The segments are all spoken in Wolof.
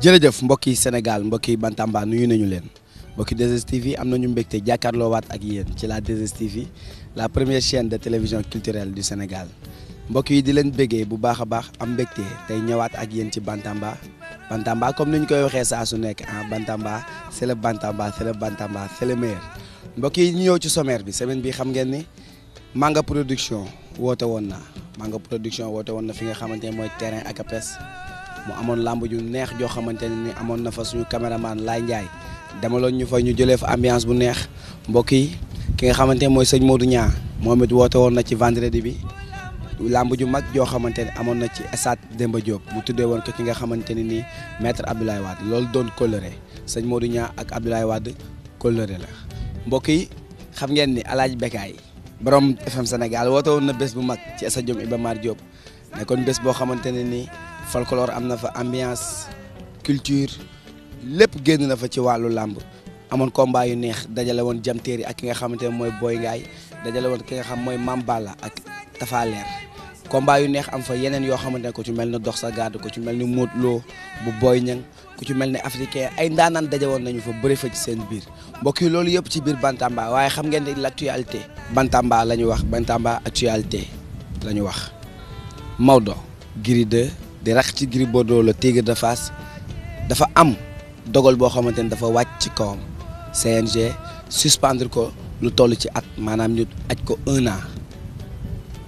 jërëjëf mbokki Sénégal mbokki Bantamba nuyu nañu leen mbokki 2STV am na ñu mbégte jàkkaarloowaat ak yéen ci la 2STV la première chaine de télévision culturelle du Sénégal mbokk yi di leen béggee bu baax a baax am mbégte tey ñëwaat ak yéen ci Bantamba Bantamba comme ni ñu koy waxee saa su nekk ah Bantamba c'est le Bantamba c'est le Bantamba c'est le meilleur mbokk yi ñëw ci sommaire bi semaine bi xam ngeen ni Manga Production woote woon na Manga Production woote woon na fi nga xamante ne mooy terrain ak apes mu amoon làmb ju neex joo xamante ne ni amoon na fa suñu caméraman Laye Ndiaye demaloon ñu fa ñu jëlee fa ambiance bu neex mbokk yi ki nga xamante ne mooy sëñ Modou Niang moom it woote woon na ci vendredi bi làmb ju mag joo xamante ne amoon na ci stade Demba Diop mu tuddee woon ki nga xamante ne nii maître Abdoulaye Wade loolu doon coloré sëñ Modou ak Abdoulaye Wade coloré la mbokk yi xam ngeen ni alaaj Bekaay borom FM Sénégal woote woon na bés bu mag ci stade Iba Mar Diop nekkoon bés boo xamante ne nii. folklore am na fa ambiance culture lépp génn na fa ci wàllu làmb amoon combat yu neex dajale woon jamteeri ak ki nga xamante ne mooy Boy Ngaay dajale woon ki nga xam mooy Mame ak Tapha Leer yu neex am fa yeneen yoo xamante ne ku ci mel ni dox sa garde ku ci mel ni Modou Lo bu Boy Niang ku ci mel ni africain ay ndaanaan daje woon nañu fa bëri fa ci seen biir mbokk yi loolu yëpp ci biir Bantamba waaye xam ngeen ne l'actualité Bantamba la ñu wax Bantamba actualité la ñu wax Maodo di rax ci Gris Bordeaux la Tigre de fas dafa am dogal boo xamante ni dafa wàcc ci kawam CNG suspendre ko lu toll ci at maanaam ñu aj ko un an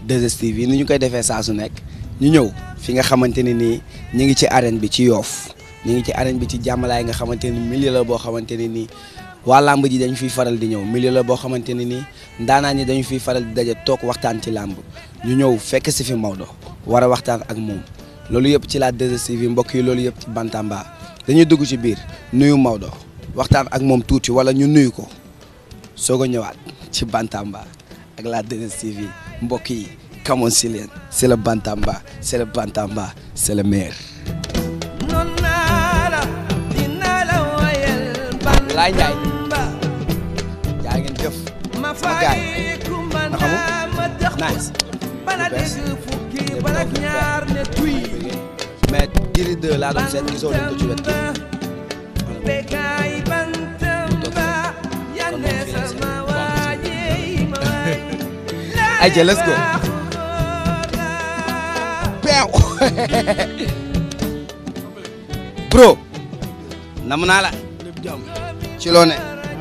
2STV yi ni ñu koy defee saa su nekk ñu ñëw fi nga xamante ne nii ñu ngi ci arène bi ci yoof ñu ngi ci arène bi ci jàmmalaay nga xamante ni milieu boo xamante ne nii waa làmb ji dañu fiy faral di ñëw milieu boo xamante ne nii ndaanaan ñi dañu fi faral di daje toog waxtaan ci làmb ñu ñëw fekk si fi Maodo war a waxtaan ak moom loolu yëpp ci la 2STV mbokk yi loolu yëpp ci Bantamba dañuy dugg ci biir nuyu Maodo waxtaan ak moom tuuti wala ñu nuyu ko soog a ñëwaat ci Bantamba ak la 2STV mbokk yi come on si leen c'est le Bantamba c'est le Bantamba c'est le meilleur. Laay Njaay yaa ngeen jëf sama gaay na xamu nice. bana dégg ñaar ne mais Gris 2 laa doon seet gisoo leen ko ci wet gi ayca let's go peew bro nam naa la ci loone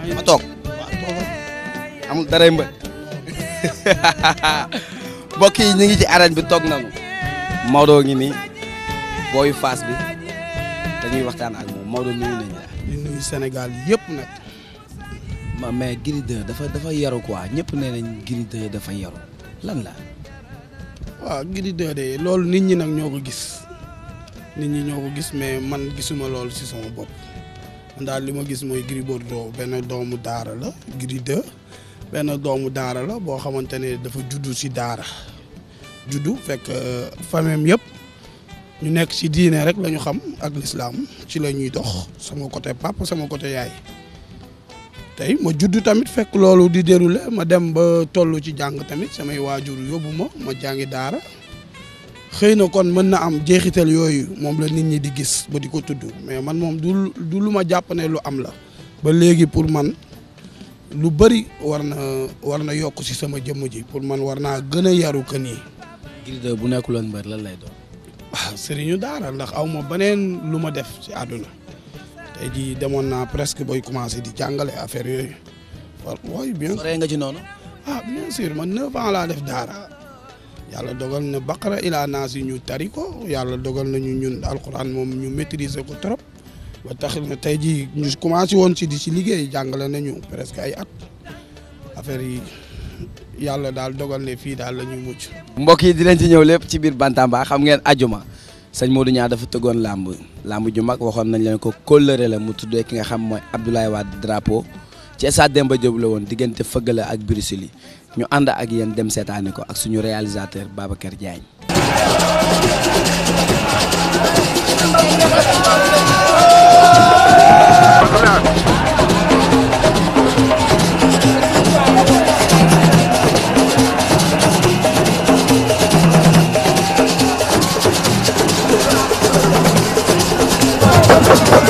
ne ma amul daray mbër mbokk yi ñu ngi ci arène bi toog na Maodo ngi nii booyu Fass bi dañuy waxtaan ak moom Maodo nuyu nañ la. di nuyu Sénégal yëpp nag. ma mais Gris dafa dafa yaru quoi ñëpp nee nañ Gris 2 dafa yaru lan la. waaw Gris de loolu nit ñi nag ñoo ko gis nit ñi ñoo ko gis mais man gisuma loolu ci sama bopp man daal li ma gis mooy Gris Bordeaux benn doomu daara la Gris benn doomu daara la boo xamante ne dafa juddu si daara juddu fekk euh, famem yëpp. ñu nekk ci diine rek lañu xam ak lislaam ci la ñuy dox sama côté papa sama côté yaay tey ma judd tamit fekk loolu di déroulé ma dem ba toll ci jàng tamit samay waajur yóbbu ma ma jàngi daara xëy na kon mën na am jeexital yooyu moom la nit ñi di gis ba di ko tudd mais man moom du du lu ma jàpp lu am la ba léegi pour man lu bëri war na war na yokk ci sama jëmm ji pour man war naa gën a yaru que nii. Gris 2 bu nekkuloon mbër lan lay doon. waaw ah, sëriñu daara ndax aw ma beneen lu ma def ci àdduna tey jii demoon naa presque booy commencé di jàngale affaire yooyu waaw bien. soree nga ci noonu. ah bien sûr man neuf ans laa def daara yàlla dogal na baqara ilaa naas yi ñu tari ko yàlla dogal nañu ñun alquran moom ñu maîtriser ko trop ba tax na tey jii ñu commencé woon si di si liggéey jàngale nañu presque ay at affaire yi. yàlla daal dogal ne fii daal la ñuy mbokk yi dinañ ci ñëw lépp ci biir Bantamba xam ngeen ajuma sëñ Modou Niang dafa tëggoon làmb làmb ju mag waxoon nañu leen ko kóllëre la mu tuddee ki nga xam mooy Abdoulaye Wade drapeau ci stade Demba Diop la woon diggante Fëggala ak Bruxelles yi ñu ànd ak yéen dem seetaani ko ak suñu réalisateur Babacar Diagne.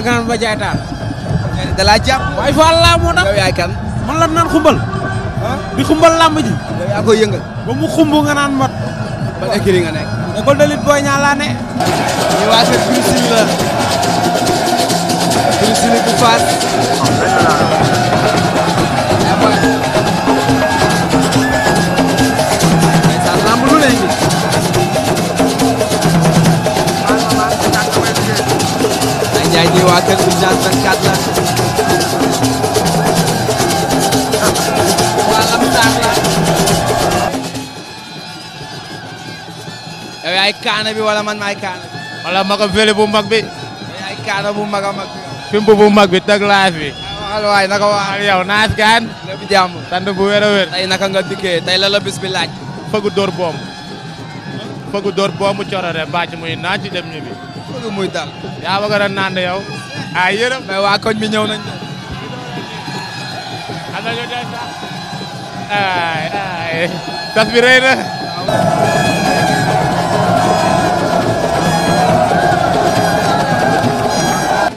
alkaan ba jaay taal. da laa jàpp. waaye fa allah moo man la naan xumbal. di xumbal làmb ji. yow yaa koy mu xumb nga mot. ban écurie nga nekk. école de lutte Boy Niang laa ne. ñu waa la. Bruce Lee gars yi ñuy waa kër urgence 24 la. waa Lamsar la. yow yaay kaana bi wala man maay kaana bi. wala magam fële bu mag bi. yow yaay kaana bu mag a mag bi. fimb bu mag bi teg laas bi. Ah, waxal waay naka waxal yow naas gaan. lépp jàmm sant bu wér a wér. tey naka nga dikkee tey la la bis bi laaj. fëgg dóor boom. fëgg dóor boomu corore bàcc muy naaj ci dem ñibbi. bëgg muy dal. yaa bëgg a naan de yow. ay yërëm mais waa koñ bi nañ de. am na ñu dee sax. ay ay tas bi na.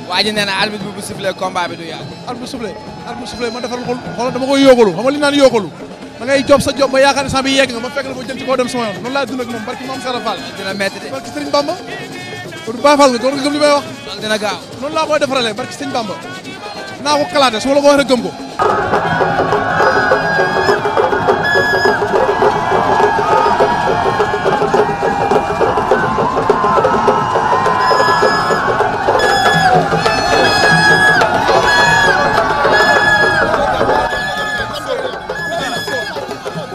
waa ji nee bu sifflé combat bi du yàgg. arbitre sifflé arbitre ma defar xol xoolal dama koy yóogalu xam nga li ñu naan yóogalu da ngay job sa job ma yaakaar ne saa nga ma fekk la ma jëm dem sama yoon laa dund ak moom barki moom dina métti de barki Serigne Bamba. kon Baay Faal nga doon nga gëm li may su ma la ko waxee gëm ko.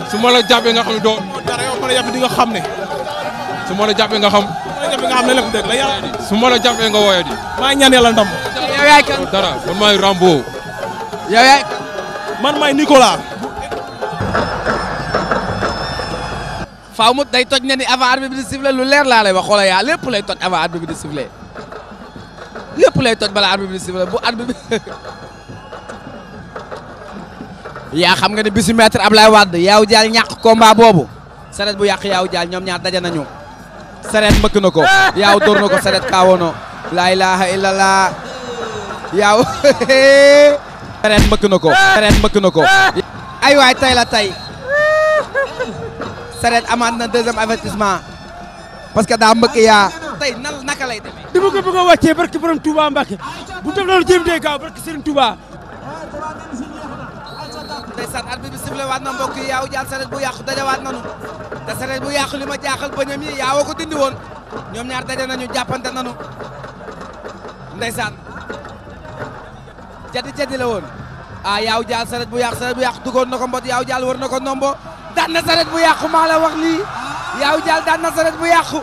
su ma la jàppee nga xam ne doo. dara yow ma la jàpp nga xam ne. su ma la jàppee nga xam. jafe nga xam ne lépp dëgg la yàlla. su ma la jafee nga woyati. maa ñaan yaay kan. man maay Rambo. yow yaay mu day toj ne ni avant arbitre bi di lu leer laa lay wax yaa lépp lay toj avant arbitre bi di lépp lay toj bala arbitre bi di bu arbitre yaa xam nga ne bisu maître Ablaye Wade yaaw jaal ñàkk combat boobu saret bu yàq yaaw jaal ñoom ñaar na nañu. sareet mbëkk na ko yaaw dóor na ko sareet kaawono laa ilaaha illallah yaaw sareet mbëkk na ko sareet mbëkk na ko ay waay tay la tay sareet amaat na deuxième avertissement parce que daa mbëkk yaa tey nan naka lay demee dama ko bëgg a wàccee barke borom Touba Mbacke bu def loolu jéem dee gaaw barke Serigne Touba ndeysaan arbitre bi sifflé waat na mbokk yi yaaw jaal saret bu yàqu dajawaat nanu te saret bu yàqu li ma jaaxal bëñam yi yaawoo ko dindi woon ñoom ñaar daje nañu jàppante nanu ndeysaan jadi jadi la woon ah yaaw jaal saret bu yàqu saret bu yàqu duggoon na ko mbot yaaw jaal war na ko nombo daan na bu yàqu maa la wax lii yaaw jaal daan na bu yàqu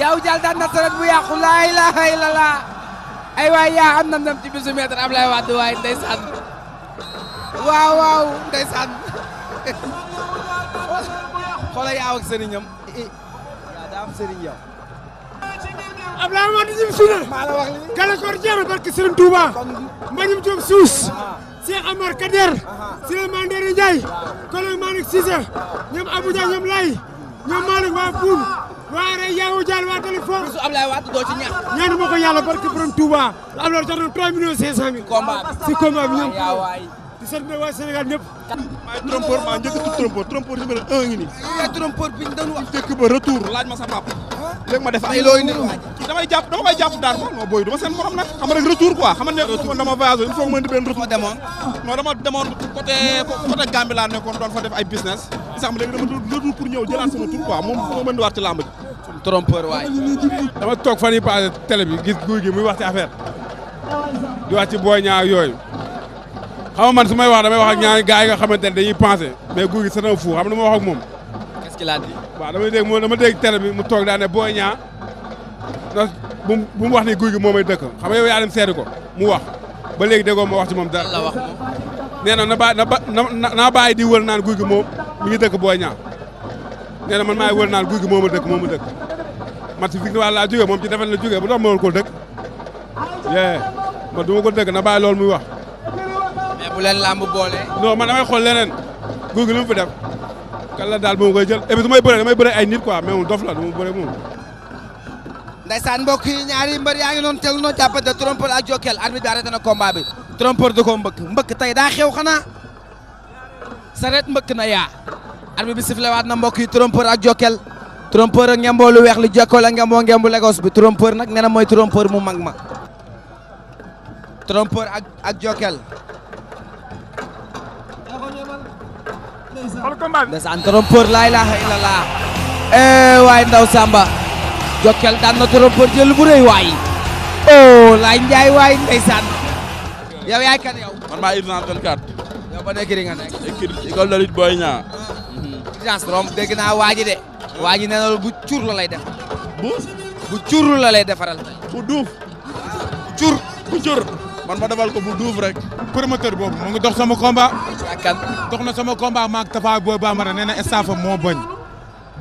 yaaw jaal daan na bu yàqu laa la la ay waay yaa am na ndam ci bisu maître Ablaye Wade waay ndeysaan waaw waaw ndeysaan xoola yaaw ak sëriñam yaa daa am sëriñ yow Abdoulaye ñim suuna gàllankoor jeex na barke Sëriñ Touba mbañum Diop suus ah. Cheikh Amar Kader ah, ah. Souleymane Ndéné Ndiaye Colonel Malick Cissé ñoom Abuja ñoom Lay ñoom Malick waa Poul waare yaw jaal waa téléphone bisu Ablaye Wade doo ci ñaax ñaanu ma ko yàlla barke borom Touba si combat bi ñoom di sant waa Sénégal ñëpp. maay trompeur maa njëkk a trompeur trompeur numéro un ngi nii. waaw ah, trompeur bi ñu doon retour laaj ma sa papa. Ah? léegi ma def ay looy nit jàpp dama koy jàpp daan ma non booy du morom nag xam rek retour quoi xam ne retour dama voyage il faut ma indi benn retour demoon non dama demoon côté côté Gambie laa nekkoon doon fa def ay business sax ma léegi dama retour pour ñëw jëlaat sama tour quoi moom moo mën di waat ci waay dama toog fan yi passé télé bi gis guy gi muy wax ci affaire di ñaa yooyu xam nga man su may wax damay wax ak ñaari gars yi nga xamante ne dañuy pensé mais guy gi c'est un fou xam ma wax moom. qu'est-ce a dit. waaw damay dégg moom dama dégg télé bi mu toog daa booy ñaa ndax bu mu wax ni guy gi moom may dëkk xam nga yow yaa dem seeti ko mu wax ba léegi déggoo ma wax ci moom dara. la nee na na ba na ba naa bàyyi di wër naan guy gi moom mi ñu dëkk booy ñaa nee man maay wër naan guy gi moo ma dëkk moo ma dëkk man ci victoire laa jógee moom ci defal la jógee bu tax ma war koo dëkk. yee ko dëkk na bàyyi loolu muy wax bu leen làmb boole. non man damay xool leneen guur gi li mu fi def kan daal moom koy jël et puis su may bëree damay bëree ay nit quoi mais moom dof la du ma bëree moom. ndaysaan mbokk yi ñaari mbër yaa ngi noonu teel noo jàppante trompeur ak Jokal arbitre bi arrêté na combat bi da koo mbëkk mbëkk tey daa xew xanaa saret mbëkk na yaa arbitre bi sifflé waat na mbokk yi trompeur ak Jokal trompeur ak ngemboo lu weex li Jokal ak ngemboo ngembu Lagos bi trompeur nag nee na mooy trompeur mu mag ma ak ak ndeysaan trompeur laa ilaaha illallah eh, waay ndaw Samba Jokkel daan na trompeur jël bu rëy waay oh laay Njaay waay yow yaay kan yow. man maa urgence dégg naa waa ji de. waa ji bu cuur la lay def. bu bu la lay defaral. bu duuf. man ma defal ko bu duuf rek. promoteur boobu mu ngi dox sama combat. dox na sama combat maag Tafa Boy Bambara nee na staff am moo bañ.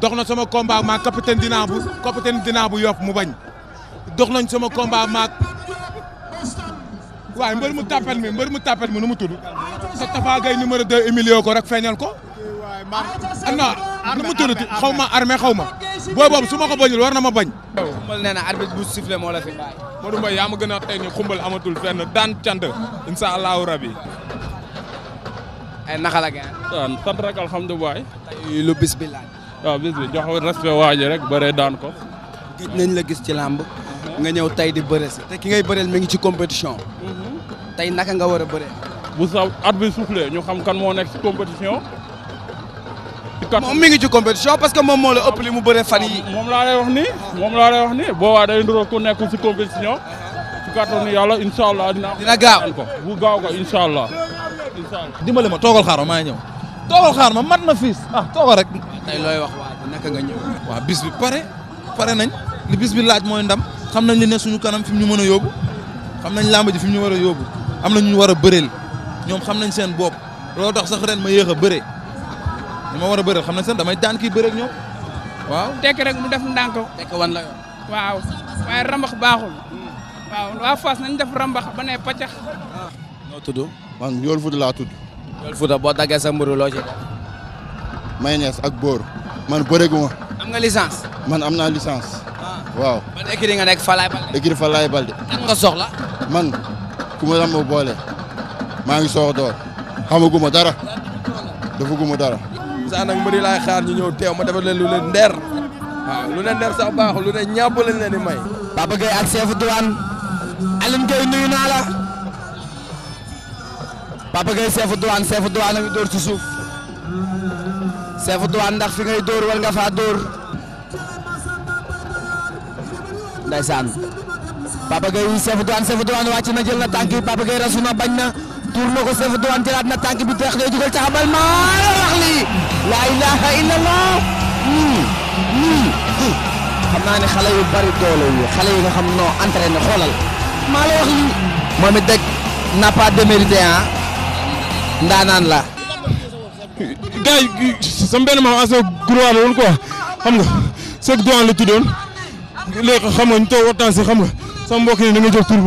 dox na sama combat maag capitaine dinaa bu capitaine dinaa bu Yoff mu bañ. dox nañ sama combat maag. waaye mbër mu tapet mi mbër mu tapet mi nu mu tudd. sa Tafa Gueye numéro 2 humilié ko rek feeñal ko. am na mu tënatu xaw ma armée xaw ma booy boobu su ma ko war na ma bañ. xumbal nee na arbitre bu sifflé moo la fi bàyyi. Modou Mbaye yaa ma gën a tey ni xumbal amatul fenn daan cant incha allahu rabi. ay eh, naka la rek alhamdulilah. lu bis jox respect waa rek bëree daan ko. gis nañ la gis ci làmb. nga ñëw tey di bëre si. te ki ngay bëreel mi ngi ci compétition. Mhm. tey naka nga war a bëree. bu sa at bi soufflé ñu xam kan moo nekk ci compétition. moom mi ngi ci compétition parce que moom moo la ëpp li mu bëree fan yi moom laa lay wax ni moom laa lay wax ni boobaa day nduroo ku nekkul si compétition si kàttanu yàlla incha dina dina gaaw ko bu gaaw ko incha allah incha allah ma toogal xaar ma maa ngi ñëw toogal xaar ma mat na fiis ah toogal rek tey looy wax waa naka nga ñëw waaw bis bi pare pare nañ li bis bi laaj mooy ndam xam nañ li ne suñu kanam fi mu ñu mën a yóbbu xam nañ làmb ji fi mu ñu war a yóbbu am na ñu war a bëreel ñoom xam nañ seen bopp loolu dox sax ren ma yéex a bëree li ma war a bëreel xam na seen damay daan kii bëreeg ñoom waaw. tekki rek mu def ndànk. tekki wan la waaw waaye rambax baaxul. waaw waa Fass nañ def rambax ba ne pàccax. Ah. noo tudd. man Ndiol Fouta laa tudd. Ndiol Fouta boo daggee sa mburu loo ci def. Maynes ak Boor. man bëreegu ma. am nga licence. man am naa licence. Ah. waaw man écurie nga nekk Falaye Balde. écurie Falaye soxla. man ku ma lamb boole maa ngi soog a door xamaguma dara defaguma dara. saa nag mbëri laay xaar ñu ñëw teew ma defal leen lu leen ndeer waaw lu leen ndeer sax baaxul lu ne ñàpp lañ leen di may. Papa ak chef douane Alioune Gueye nuyu naa la Papa Gueye chef douane chef douane a ngi dóor ci suuf chef douane ndax fi ngay na jël na tànk yi rasu na bañ na. tuur na ko chef douane jëlaat na tànk bi dex day dugal ca xabal ma la wax lii la ilaha illallah nii nii xam naa ne xale yu bari doole yi xale yi nga xam noo entraîné xoolal maa la wax lii moom it dëgg n'a pas démérité ah ndaanaan la gars yi sama benn maam asa gurwaa la woon quoi xam nga chef douane la tuddoon léegi xam nga ñu toog waxtaan si xam nga sama boobu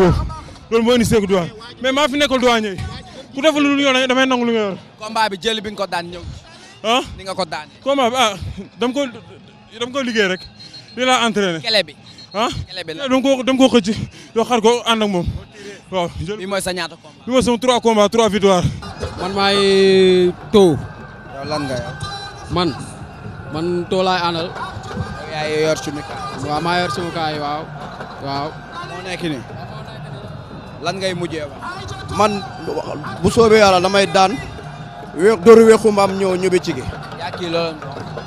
loolu moo indi seeg douane mais maa fi nekkal douane ku def lu yoon damay nangu lu nga yor. combat bi jël ko daan ñëw. ah ni nga ko ah, ko dam ko liggéey rek di laa entraîné. kele bi ah kele xëcc doo xar ko ànd moom bi mooy sa ñaata combat. trois combats man maay Tóo. man man Tóo laay àndal. yow yaa yor suñu kaay. waaw waaw moo nekk lan ngay mujjee man bu soobee yàlla damay daan wé dóor weexu mbaam ñëw ñëbe ci gi. kii la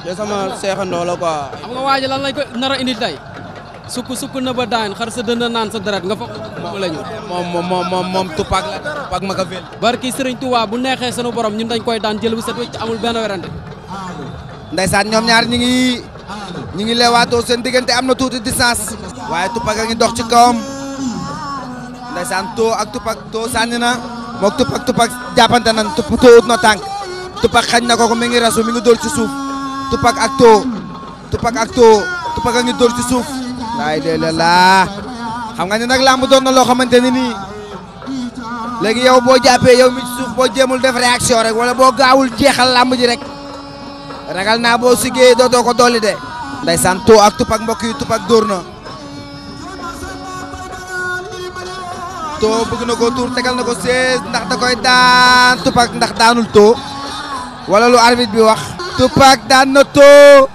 te sama seexandoo la quoi. xam nga waaji lan lañ ko nar a indi tey. sukk sukk na ba daan xar sa dënd naan sa deret nga fa. moom la ñu moom moom moom moom Tupac la Tupac Machiavel. barki Serigne Touba bu neexee sunu borom ñun dañ koy daan jël bu set wecc amul benn werante. ndeysaan ñoom ñaar ñi ngi ñi ngi leewaatoo seen diggante am na tuuti distance. waaye Tupac a ngi dox ci kawam. ndaysaan too ak tupak too sànni na moog tupak tupak jàppante nan too ut na tànk tupak xañ na ko ko mi ngi rasu mi ngi dóor ci suuf tupak ak too tupak ak too tupak a ngi dóor ci suuf laay de xam nga ne nag làmb doon na loo xamante ne nii léegi yow boo jàppee yow mi ci suuf boo jéemul def réaction rek wala boo gaawul jeexal làmb ji rek ragal naa boo siggee dootoo ko dolli de ndaysaan too ak tupak mbokk yi tupak dóor na too bëgg na ko tuur tegal na ko 16 ndax da koy daan Tupac ndax daanul too wala lu arbitre bi wax Tupac daan na too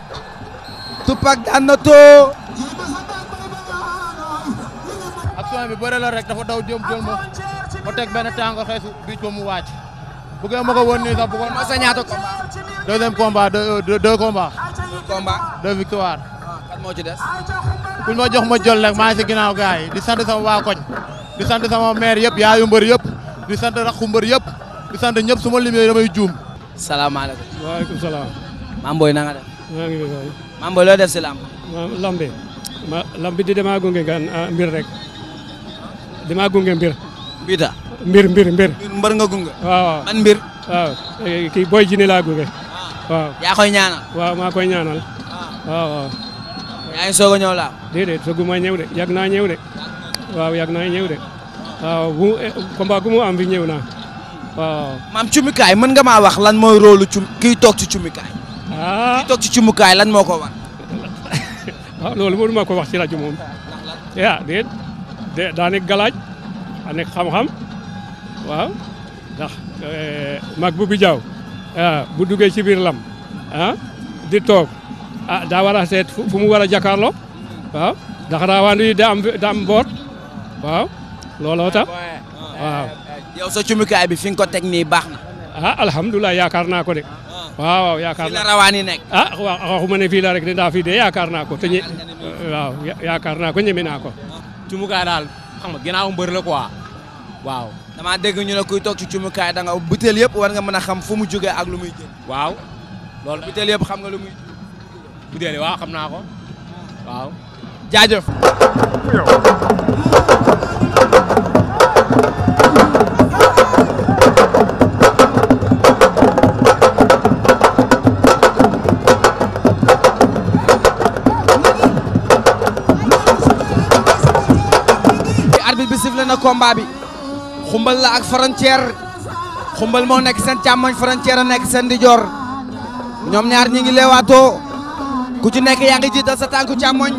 Tupac daan na too action bi bëre la rek dafa daw jëm jël ma ma teg benn tàngo xeesu mu wàcc bëggee ma ko woon nii ñaata combat deuxième combat deux euh, deux combat victoire ah, moo ci des kuñ ma jox ma jël rek maa si ginnaaw gars yi di sant sama waa koñ di sant sama maire yëpp yaayu mbër yëpp di sant rakku mbër yëpp di sant ñëpp su ma limee damay juum. salaamaaleykum. waaleykum salaam. Mame Boye na nga def. loo def si lamb. lamb di damaa gunge ah, mbir rek damaa gunge mbir. mbir mbir mbir. mbër nga gunge. man mbir. waaw kii laa gunge. Ah. yaa koy ñaanal. waaw maa koy ñaanal. Ah. waaw waaw. yaa ngi soog a ñëw laa. déedéet sooguma de yàgg naa ñëw de. waaw yàgg naa ñëw de waaw bu eh, am bi ñëw na waaw. maam cumikaay mën nga maa wax lan mooy rôle cum kiy toog ci cumikaay. ah toog ci cumukaay lan moo ko war. waaw loolu mënu ma ko wax ci rajo moom. ah déet de daa nekk galaaj daa xam-xam waaw ndax eh, mag bu bi bu duggee ci biir lam ah, di toog ah daa war a seet fu mu war a jàkkaarloo waaw ndax raawaandu yi daa am am boor. waaw looloo tax waaw. yow sa cumukaay bi fi nga ko teg nii baax na. ah alhamdulilah yaakaar naa ko de. Ah. waaw waaw yaakaar naa nekk. ah waaw waxuma ne fii rek de ndax fii ko te ñe. waaw yaakaar naa ko ñeme naa ko. Ah. cumukaay daal xam nga ginnaaw mbër la quoi waaw. damaa dégg ñu ne kuy toog ci cumukaay da nga butéel yëpp war nga mën a xam fu mu jógee ak lu muy jël. waaw loolu butéel yëpp xam nga lu naa ko ah. na combat xumbal la ak frontière xumbal moo nekk seen càmmoñ frontière a nekk seen ndijoor ñoom ñaar ñi ngi leewaatoo ku ci nekk yaa ngi jiital sa tànku càmmoñ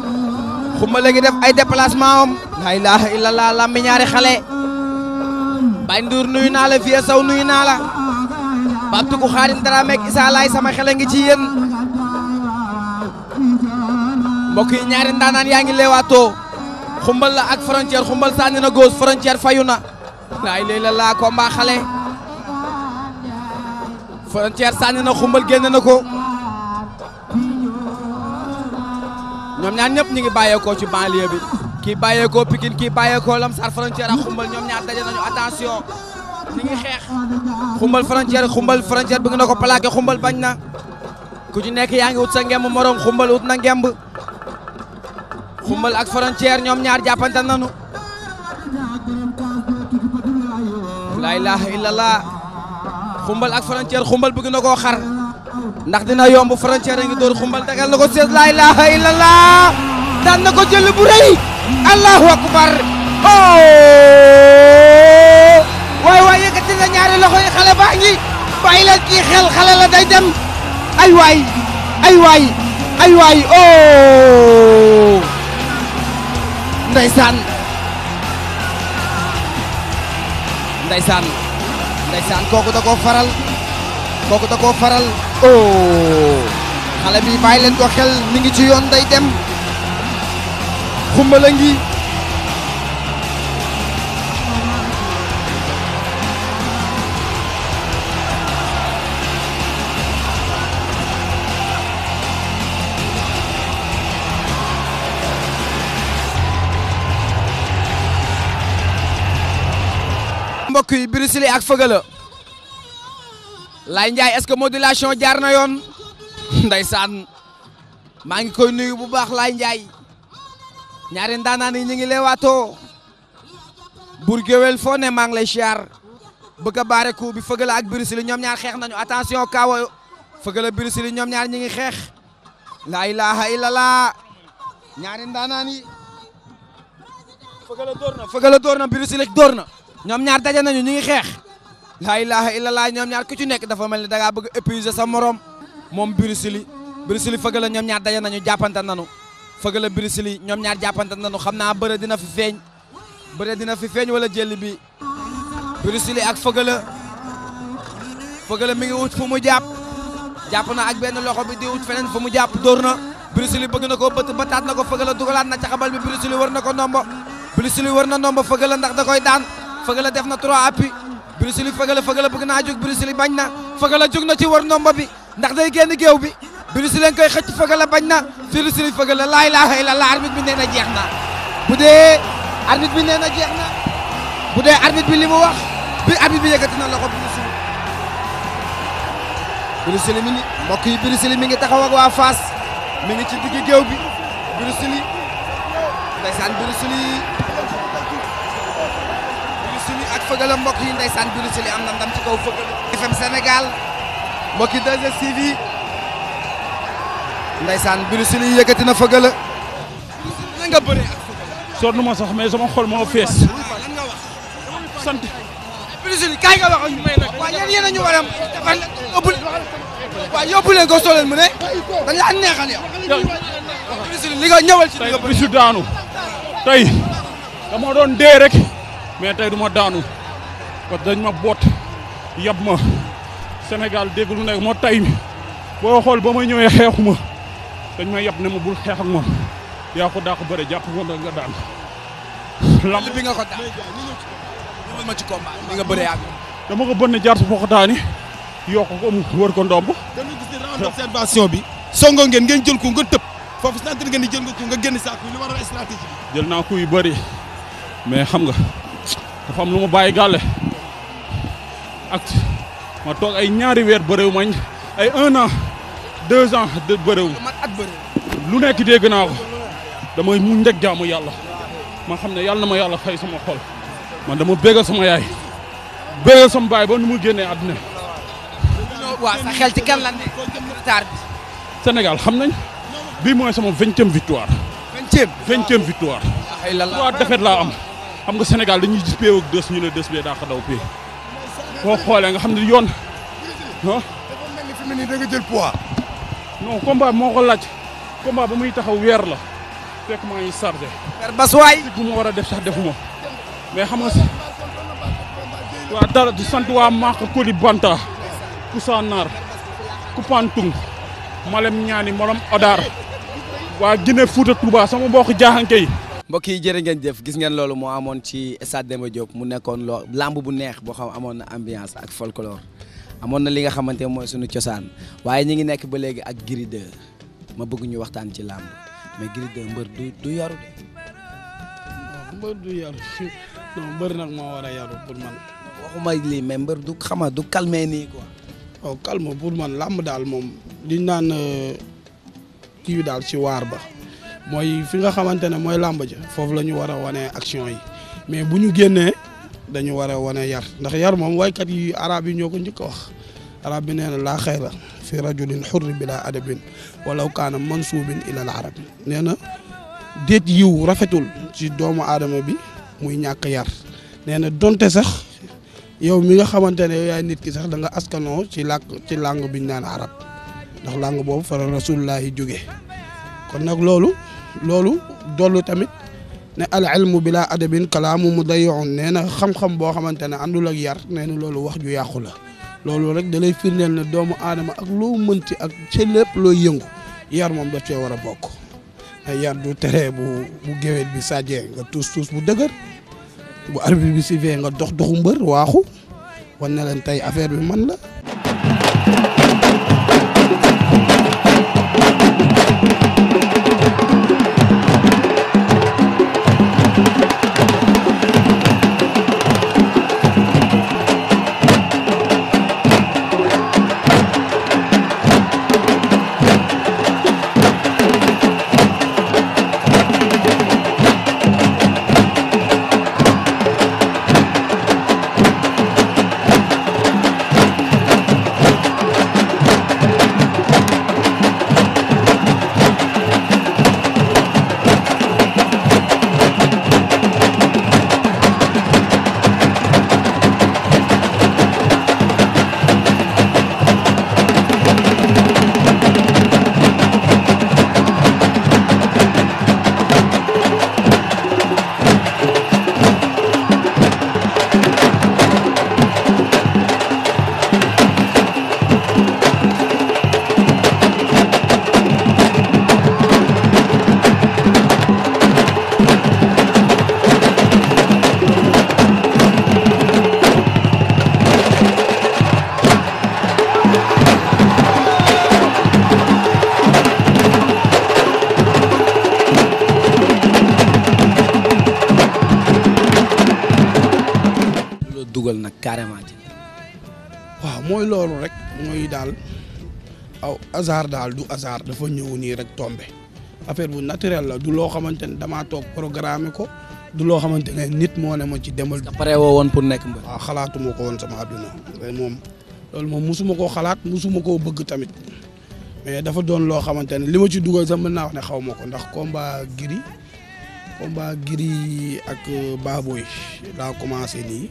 xumbal la ngi def ay déplacement am la ilaha illallah lambi ñaari xale Baye Ndour nuyu naa la Vieux nuyu naa la Pape Tuku Xaadim Dramé ak Issa Laay sama xel ngi ci yéen ñaari ndaanaan yaa ngi leewaatoo xumbal la ak frontière xumbal sànni na góos frontière fayu na laay léeg la laa combat xale frontière sànni na xumbal génn na ko ñoom ñaar ñëpp ñu ngi bàyyeekoo ci banlieue bi kii bàyyeekoo Pikine kii bàyyeekoo Lamsar frontière ak xumbal ñoom ñaar daje nañu attention ñu ngi xeex xumbal frontière xumbal frontière bi nga na ko plaqué xumbal bañ na ku ci nekk yaa ngi wut sa ngemb morom xumbal wut na ngemb xumbal ak frontière ñoom ñaar jàppante nañu laa ilaaha illallah xumbal ak frontière xumbal bëgg na koo xar ndax dina yomb frontière a ngi dóor xumbal dagal na ko laa ilaaha illallah daan jël bu allahu akbar oh! waay waay yëkkati na ñaari loxo yi xale baa ngi bàyyi kii xel xale la day dem ay waay ay waay ay oh! ndeysaan ndeysaan ndeysaan kooku da koo faral kooku da koo faral oh xale bi bàyyi leen ko xel mi ngi ci yoon day dem mbokk yi Brésil ak Feugeula Laye Ndiaye est-ce que modulation jaar na yoon ndeysaan maa ngi koy nuyu bu baax Laye njaay ñaari ndaanaan yi ñu ngi leewaatoo Bour Gueweul foo ne maa ngi lay siyaar bëgg a baare coup bi Feugeula ak Brésil ñoom ñaar xeex nañu attention kaawa e. Feugeula Brésil ñoom ñaar ñi ngi xeex laa ilaha illallah ñaari ndaanaan yi Feugeula door na Feugeula door na ñoom ñaar daje nañu ñu xeex laa ilaha illallah ñoom ñaar ku ci nekk dafa mel ni dangaa bëgg épuiser sa morom moom birisili birisili fëgg la ñoom ñaar daje nañu jàppante nañu fëgg la birisili ñoom ñaar jàppante nañu xam naa bëre dina fi feeñ bëre dina fi feeñ wala jël bi birisili ak fëgg la fëgg la mi ngi ut fu mu jàpp jàpp na ak benn loxo bi di ut feneen fu mu jàpp dóor na birisili bëgg na ko bëtt bëttaat na ko fëgg la dugalaat na caxabal bi birisili war na ko ndombo birisili war na ndombo fëgg la ndax da koy daan Feugeula def na trois appui Bruce Lee Feugeula Feugeula bëgg naa jug Bruce Lee bañ na Feugeula jug na ci war ndomba bi ndax day génn géew bi Bruce Lee koy xëcc Feugeula bañ na Bruce Lee Feugeula laa ilaaha illallaah arbitre bi nee na jeex na bu dee arbitre bi nee na jeex na bu dee arbitre bi li mu wax bi arbitre bi yëkkati na loxo Bruce Lee Bruce Lee mi ngi mbokk yi Bruce mi ngi taxaw ak waa Fass mi ngi ci digg géew bi Bruce Lee ndeysaan fëgalam mbokk yi ndeysaan Birou am na ndam ci kaw fëgal FM Sénégal mbokk yi 2STV ndeysaan Birou Sily yëkkati na fëgala na nga bëree ma sax mais sama xol moo fees sant Birou Sily kaay nga wax a ñu war a defal ëpp waaw yóbbu ko soo mu ne dañ laa neexal yow li nga ñëwal ci bisu daanu tey dama doon dee rek mais tey du ma daanu parce dañ ma boot yab ma Sénégal dégg lu nekk moo tay mi boo xool ba ma ñëwee xeexu ma dañ ma yap ne ma bul xeex ak moom yaa ko dàq bëre jàpp ko nga daan. bi nga ko daan ñëwal ma ci nga bëree ak dama ko bënn jaar su poxotaani yokk ko mu wër ko ndomb. dañu gis ne round d'observation bi. songo ngeen ngeen jël ko nga tëb foofu sant ngeen di jël nga ko nga génn saako li war jël naa ku yu bëri mais xam nga dafa am lu ma bàyyi gàlle. ak ma toog ay ñaari weer bëréew mañ ay un an deux ans de bëréew lu nekk dégg naa ko damay mu njëg jaamu yàlla ma xam ne yàlla na ma yàlla fay sama xol man dama bégal sama yaay bégal sama baay ba nu mu génnee àddina waaw sa xel ci kan la xam nañ bii mooy sama vingtième victoire. vingtième vingtième victoire. ay lan la trois défaites laa am. xam nga Sénégal dañuy gis péew ak dës ñu ne dës bee daa ko daw péew. boo xoolee nga xam ne yoon. non. dafa mel ni moo ko laaj. combat ba muy taxaw weer la. fekk maa ngi chargé. per bas waay. bu ma war a def sax defuma mais xam nga si. waa dara di sant waa Maka Koli Banta. Koussanar. Koupantoum. Malem Niani Malem Odar. waa Guinée Fouta Touba sama mbokk jaaxanke yi. mbokk yi jërë jëf gis ngeen loolu moo amoon ci stade Demba Diop mu nekkoon loo lamb bu neex boo xam amoon na ambiance ak folklore amoon na li nga xamante ne mooy sunu cosaan waaye ñi ngi nekk ba léegi ak Gris ma bëgg ñu waxtaan ci lamb mais Gris mbër du du yaru de. mbër du yaru non mbër nag moo a du xama nii ko waaw oh, calme man làmb daal moom liñ naan euh, kii daal ci waar ba. mooy fi nga xamante ne mooy làmb ja foofu la ñu war a wane action yi mais bu ñu génnee dañu war a wane yar ndax yar moom waykat yi arab yi ñoo ko njëkk wax arab bi nee na laa xayra fi rajulin xurri bila adabin walaw kaana mansuubin ilal arabi nee na déet yiw rafetul ci doomu aadama bi muy ñàkk yar nee na donte sax yow mi nga xamante ne yow yaay nit ki sax danga nga askanoo ci làkk ci langue bi ñu naan arab ndax langue boobu fa rasulullahi jóge kon nag loolu loolu dollu tamit ne al ilmu bila adabin kalaamu mu dayoon nee na xam-xam boo xamante ne àndul ak yar nee na loolu wax ju yàqu la loolu rek da lay firndeel ne doomu aadama ak loo mënti ak ci lépp looy yëngu yar moom daf cee war a bokk yar du tere bu bu géwél bi sàjjee nga tuus tuus bu dëgër bu arbitre bi sifflé nga dox doxu mbër waaxu wan na leen tey affaire bi man la hasard daal du hasard dafa ñëw nii rek tombé affaire bu naturel la du loo xamante ne damaa toog programme ko du loo xamante ne nit moo ne ma ci demal. pare woon pour nekk mbër. waaw xalaatuma ko woon sama adduna moom loolu moom musuma koo xalaat musuma koo bëgg tamit mais dafa doon loo xamante ne li ma ci dugal sax mën naa wax ne xaw ma ko ndax combat giri combat giri ak euh, baaboy laa commencé nii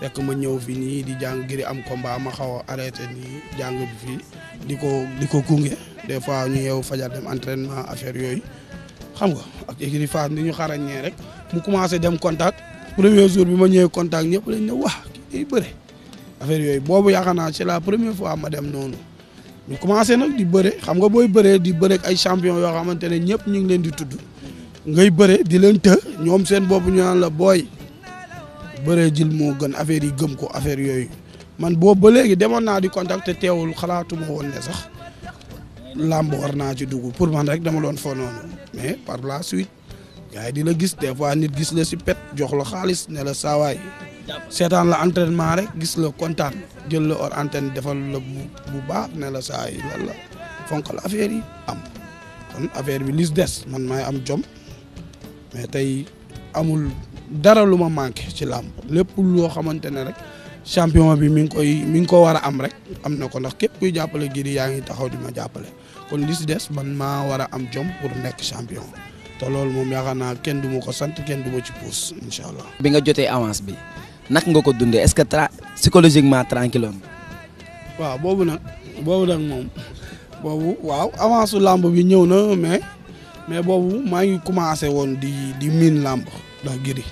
fekk ma ñëw fi nii di jàng giri am combat ma xaw a arrêté nii jàng bi fii. di ko di ko gunge des fois ñu yeewu fajar dem entraînement affaire yooyu xam nga ak équipe Fass ni ñu xarañee rek mu commencé dem contact premier jour bi ma ñëwee contact ñëpp dañ ne waa kii day bëre affaire yooyu boobu yaakaar naa c'est la première fois ma dem noonu ñu commencé nag di bëre xam nga booy bëree di bëre ay champion yoo xamante ne ñëpp ñu ngi leen di tudd ngay bëre di leen të ñoom seen bopp ñu naan la booy bëree jil moo gën affaire yi gëm ko affaire yooyu man boobu ba léegi demoon naa di contacter teewul xalaatuma woon sax làmb war naa ci dugg pour man rek dama doon fo noonu mais par la suite gars di la gis des fois nit gis la si pet jox la xaalis ne la saawaay seetaan la entraînement rek gis la kontaan jël la or antenne defal la bu baax ne la saa yi lan la fonkal affaire yi am kon affaire bi lis des man may am jom mais tey amul dara lu ma manqué ci làmb lépp loo xamante ne rek champion bi mi ngi koy mi ngi ko war a am rek am na ko ndax képp kuy jàppale Gris yaa ngi taxaw di ma jàppale kon li si des man maa war a am jom pour nekk champion te loolu moom yaakaar naa kenn du ma ko sant kenn du ma ci puus incha allah. bi nga jotee avance bi nak nga ko dundee est-ce que tra psychologiquement tranquille waaw boobu nag boobu nag moom boobu waaw avance su bi ñëw na mais mais boobu maa ngi commencé woon di di miin làmb ndax Gris.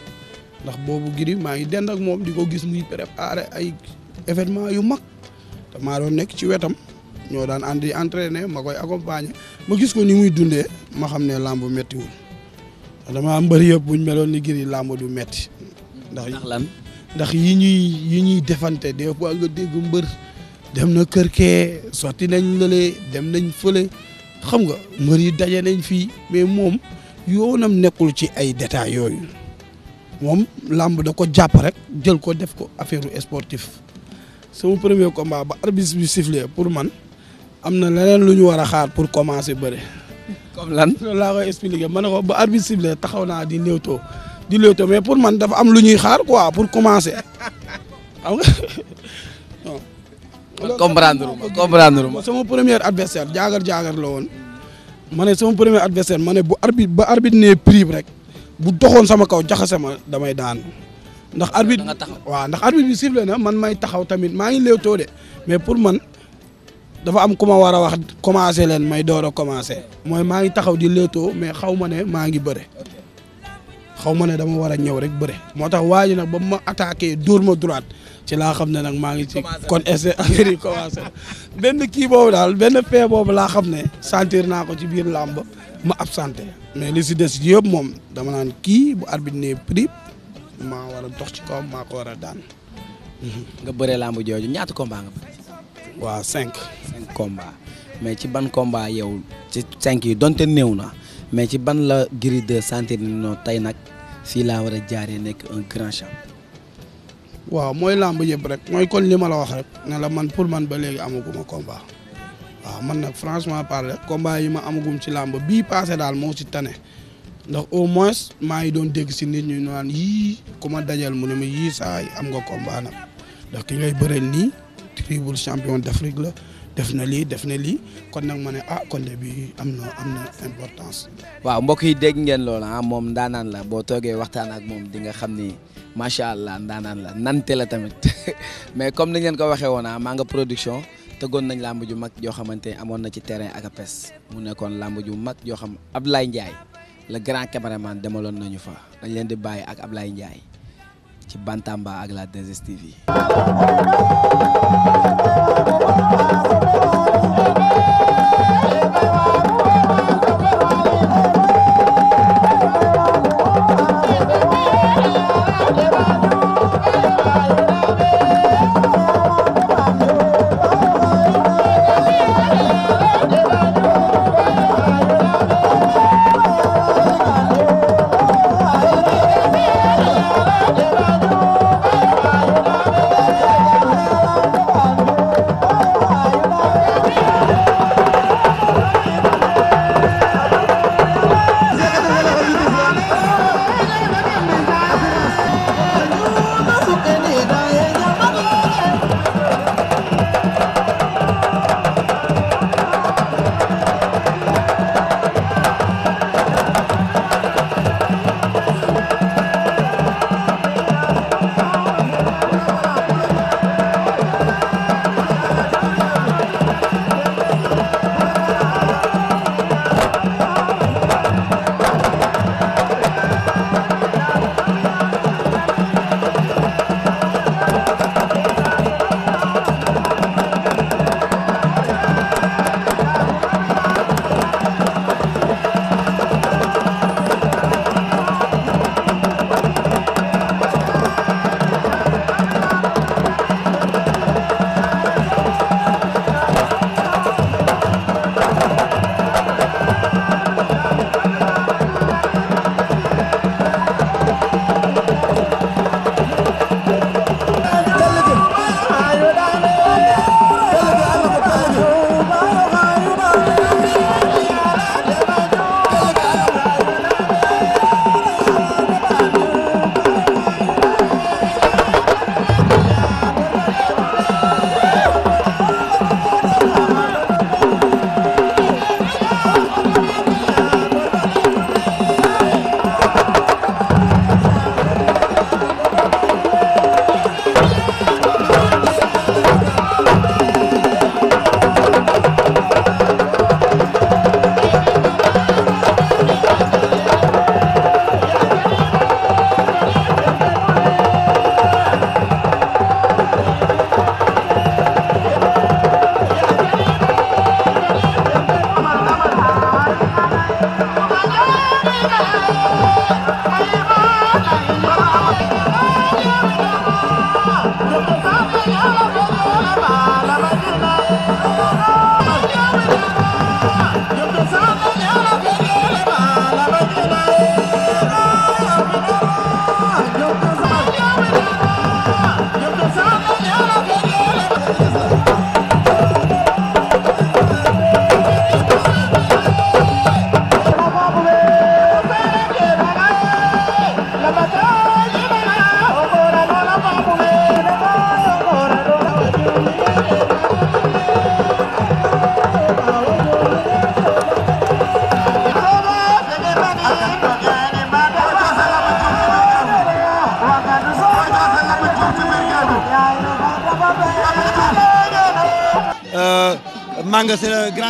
ndax boobu Gris maa ngi dend ak moom di ko gis muy préparé ay événement yu mag te maa doon nekk ci wetam ñoo daan ànd di entraîner ma koy accompagner ma gis ko ni muy dundee ma xam ne làmb méttiwul dama mbër yëpp buñ meloon ni Gris làmb du metti ndax lan ndax yi ñuy yi ñuy defante de fois nga dégg mbër dem na kër kee sotti nañ lële dem nañ fële xam nga mbër yi daje nañ fii mais moom yoonam nekkul ci ay détails yooyu moom làmb da ko jàpp rek jël ko def ko affaire sportif sama premier combat ba arbitre bi pour man am na leneen lu ñu war a xaar pour commencer bëre. comme lan loolu laa koy expliqué ma ne ko ba arbitre sifflé taxaw naa di néewtoo di néewtoo mais pour man dafa am lu ñuy xaar quoi pour commencer xam nga non. comprendre ma comprendre ma sama premier adversaire jaagar jaagar la woon ma ne sama premier adversaire ma ne bu arbitre ba arbitre nee prix rek. bu doxoon sama kaw jaxase ma damay daan ndax arbitre waaw ndax arbitre bi sifflé na man may taxaw tamit maa ngi léewtoo de mais pour man dafa am ku ma war a wax commencé leen may door a commencé mooy maa ngi taxaw di léewtoo mais xaw ma ne maa ngi bëre xaw ma ne dama war a ñëw rek bëre moo tax waa ji nag ba ma attaqué dóor ma droit ci laa xam ne nag maa ngi ci kon essai affaire commencé benn kii boobu daal benn fee boobu laa xam ne sentir naa ko ci biir làmb ma absenté mais li si des yëpp moom dama naan kii bu arbitre ne prix maa war a tox ci kawam maa ko war a daan. Mhm. nga bëree làmb jooju ñaata combat nga bëri. waaw cinq. cinq combat mais ci ban combat yow ci cinq yi donte néew na mais ci ban la giri de 2 sentir noo tey nag fii laa war a jaaree nekk un grand champion. waaw mooy làmb yëpp rek mooy kon li ma la wax rek ne man pour man ba léegi amaguma combat. waaw man nag franchement parler combat yi ma amagum ci làmb bii passé daal moo ci tane ndax au moins maa ngi doon dégg si nit ñu naan yii ku ma dajal mu ne ma yii saa am nga combat nag ndax ki ngay bëreel nii triple champion d'Afrique la def na lii def na lii kon nag ma ne ah kon de bi am na am importance. waaw mbokk yi dégg ngeen loolu ah moom ndaanaan la boo toogee waxtaan ak moom di nga xam ni macha allah ndaanaan la nante la tamit mais comme ni ngeen ko waxee woon ah, maa nga Production. tëggoon nañ làmb ju mag joo xamante ne amoon na ci terrain pes mu nekkoon làmb ju mag joo xam Ablaye Ndiaye la grand caméraman demaloon nañu fa dañ leen di bàyyi ak ab lay Ndiaye ci Bantamba ak la 2STV yi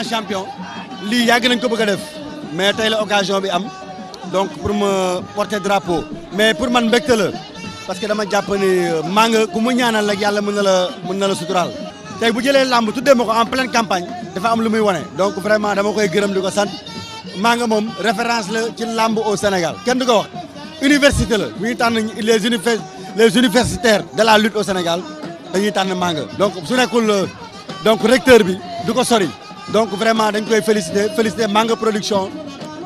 grand lii yàgg nañ ko bëgg a def mais tey la occasion bi am donc pour ma porter drapeau mais pour man mbégte la parce que dama jàpp ni euh, maa nga ku mu ñaanal rek yàlla mën na la mën na la suturaal tey bu jëlee làmb tuddee ma ko en pleine campagne dafa am lu muy wane donc vraiment dama koy gërëm di ko sant maa nga moom référence la ci làmb au Sénégal kenn du ko wax université la bu ñuy tànn les univers les de la lutte au Sénégal dañuy tànn maa donc su nekkul euh, donc recteur bi du ko sori donc vraiment dañ koy féliciter féliciter Manga Production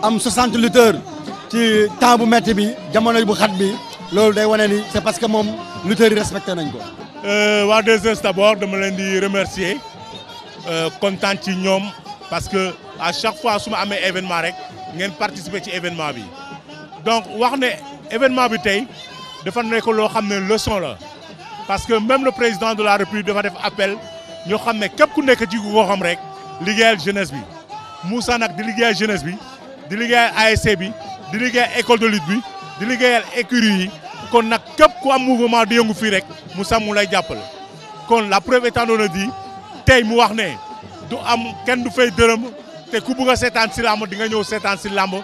am 60 lutteurs ci temps bu métti bi jamono bu xat bi loolu day wane ni c'est parce que moom lutteurs yi respecté nañ ko. Euh, waa 2S dama leen di remercier euh, kontaan ci ñoom parce que à chaque fois su ma amee événement rek ngeen participer ci événement bi donc wax ne événement bi tey dafa nekk loo xam ne leçon la parce que même le président de la République dafa def appel ñoo xam ne képp ku nekk ci ko xam rek. liggéeyal jeunesse bi Moussa nag di liggéeyal jeunesse bi di liggéeyal ASC bi di liggéeyal école de lutte bi di liggéeyal écurie yi kon nag képp ku am mouvement di yëngu fii rek Moussa mu lay jàppale kon la preuve étant donné di tey mu wax ne du am kenn du fey dërëm te ku bëgg a seetaan si làmb di nga ñëw seetaan si làmb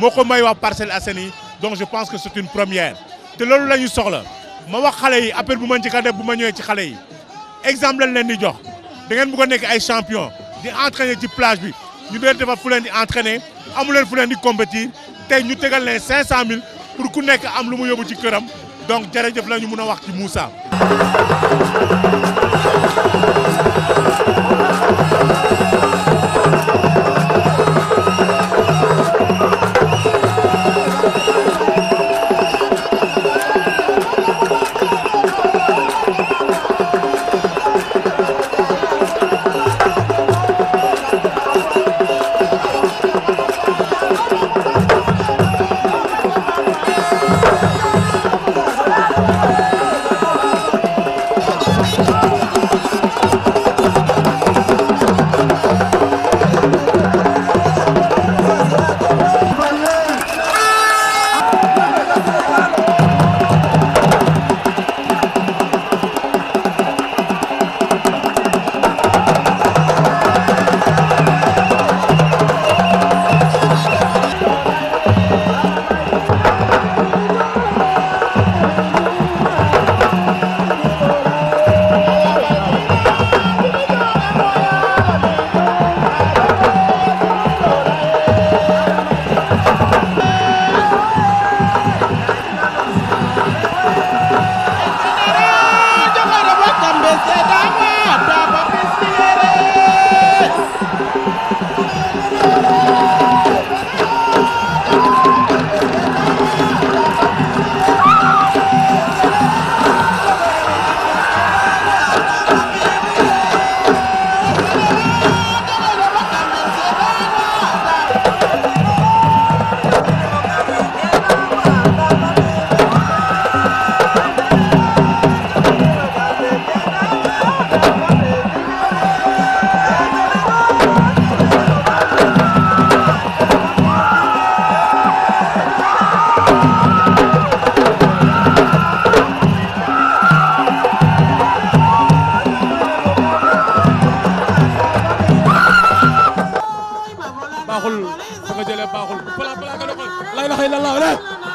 moo ko may wax Parcelles Assainies donc je pense que c'est une première te loolu la ñu soxla ma wax xale yi appel bu ma njëkk a def bu ma ñëwee ci xale yi exemple lañ leen di jox da ngeen bëgg a nekk ay champion di entraîner ci plage bi ñu doon dafa fu leen di entraîner amuleen leen fu leen di compétir tey ñu tegal leen 500000 pour ku nekk am lu mu yóbbu ci këram donc jërëjëf la ñu mun a wax ci Moussa.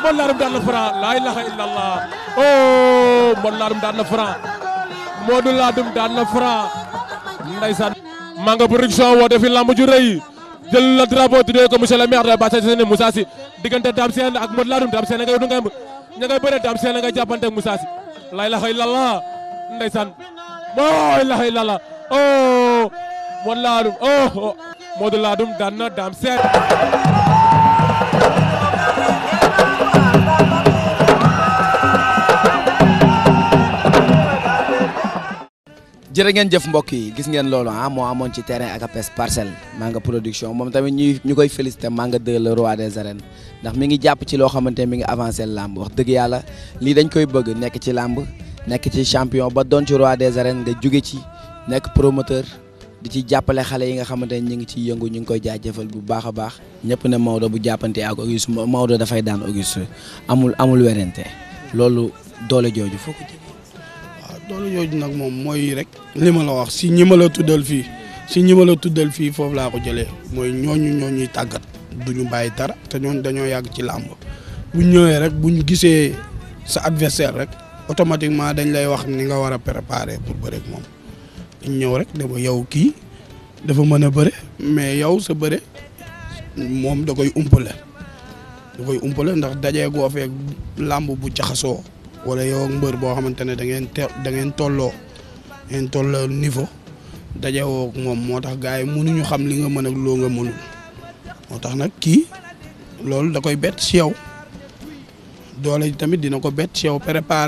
Mbol Ladoum daan na Franc laa ilaha illallah oh Mbol Ladoum daan na Franc Modou Ladoum daan na Franc ndeysaan Manga production woo defi lamb ju rëy jël la drapeau tuddee ko monsieur le maire de Basse Séné Moussa Sy diggante Dame Sène ak Modou Ladoum Dame Sène ngay wutu ngemb ña ngay bëre Dame Sène ngay jàppante ak Moussa Sy laa ilaha illallah ndeysaan laa ilaha illallah oh, oh, oh Modou Ladoum daan na Dame Sène jëre ngeen jëf mbokk yi gis ngeen loolu ah moo amoon ci terrain ak APS parcelle Manga production moom tamit ñuy ñu koy félicité Manga 2 le roi des arènes ndax mi ngi jàpp ci loo xamante ne mi ngi avancé làmb wax dëgg yàlla lii dañ koy bëgg nekk ci làmb nekk ci champion ba doon ci roi des arènes nga jóge ci nekk promoteur di ci jàppale xale yi nga xamante ne ñu ngi ciy yëngu ñu ngi koy jaajëfal bu baax a baax ñëpp ne Maodo bu jàppante ak Auguste Maodo dafay daan Auguste amul amul werante loolu doole jooju foo doole yooyu nag moom mooy rek li ma la wax si ñi ma la tuddal fii si ñi ma tuddal fii foofu laa ko jëlee mooy ñooñu ñoo ñuy tàggat du ñu bàyyi dara te ñooñu dañoo yàgg ci làmb bu ñëwee rek bu ñu gisee sa adversaire rek automatiquement dañ lay wax ni nga war a préparer pour moom ñëw rek dama yow kii dafa mën a bëre mais yow sa bëre moom da koy umpale da koy umpale ndax daje goo làmb bu jaxasoo wala yow ak mbër boo xamante ne da ngeen te da ngeen tolloo ngeen tolloo niveau daje ak moom moo tax gars yi mënuñu xam li nga mën ak loo nga mënul moo tax nag kii loolu da koy bett si yow doole tamit dina ko bett si yow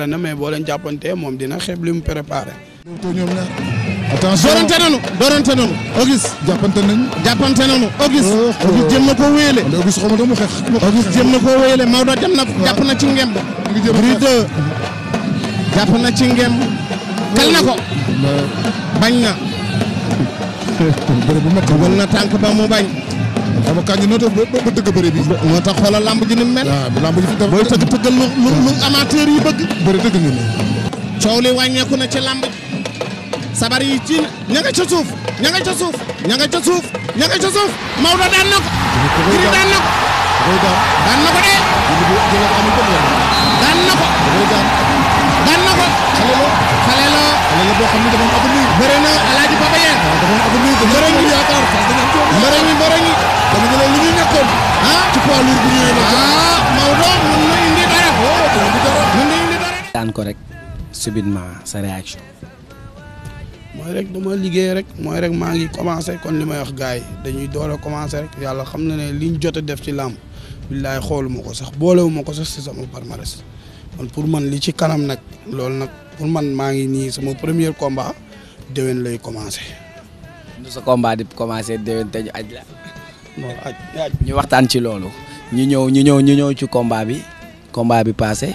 na mais boo leen jàppantee moom dina xeeb li mu préparé. ñoom ñaar. attention doorante nañu doorante nañu Auguste jàppante nañu jàppante nañu oh, oh. jëm na koo wéyale Auguste xaw na koo wéyale Maodo dem na jàpp na ci ngemb Brise 2 jàpp na ci ngemb kal na ko bañ na bëri bu métti dugal na tànk ba mu bañ dama kañ noo def ba bi moo tax xoolal lamb ji ni mu mel waaw lamb ji booy tëgg tëggal lu lu yi bëgg bëri dëgg ñu ne coow li wàññeeku na ci lamb sabar yi ci ña nga ca suuf ña nga ca suuf ña nga ca suuf ña nga ca daan na ko. daan na ko. daan na ko daan na ko. daan na ko. xale nag. ah daan ko rek subitement sa réaction. mooy rek dama liggéey rek mooy rek maa ngi commencé kon li may wax gars yi dañuy door a commencé rek yàlla xam na ne liñ jot a def ci làmb billaay xooluma ko sax boolewuma ko sax si sama palmarès man pour man li ci kanam nag loolu nag pour man maa ngi nii sama première combat déwén lay commencé. nu sa combat di commencé déwén te ñu aj la. ñu waxtaan ci loolu. ñu ñëw ñu ñëw ñu ñëw ci combat bi combat bi passé.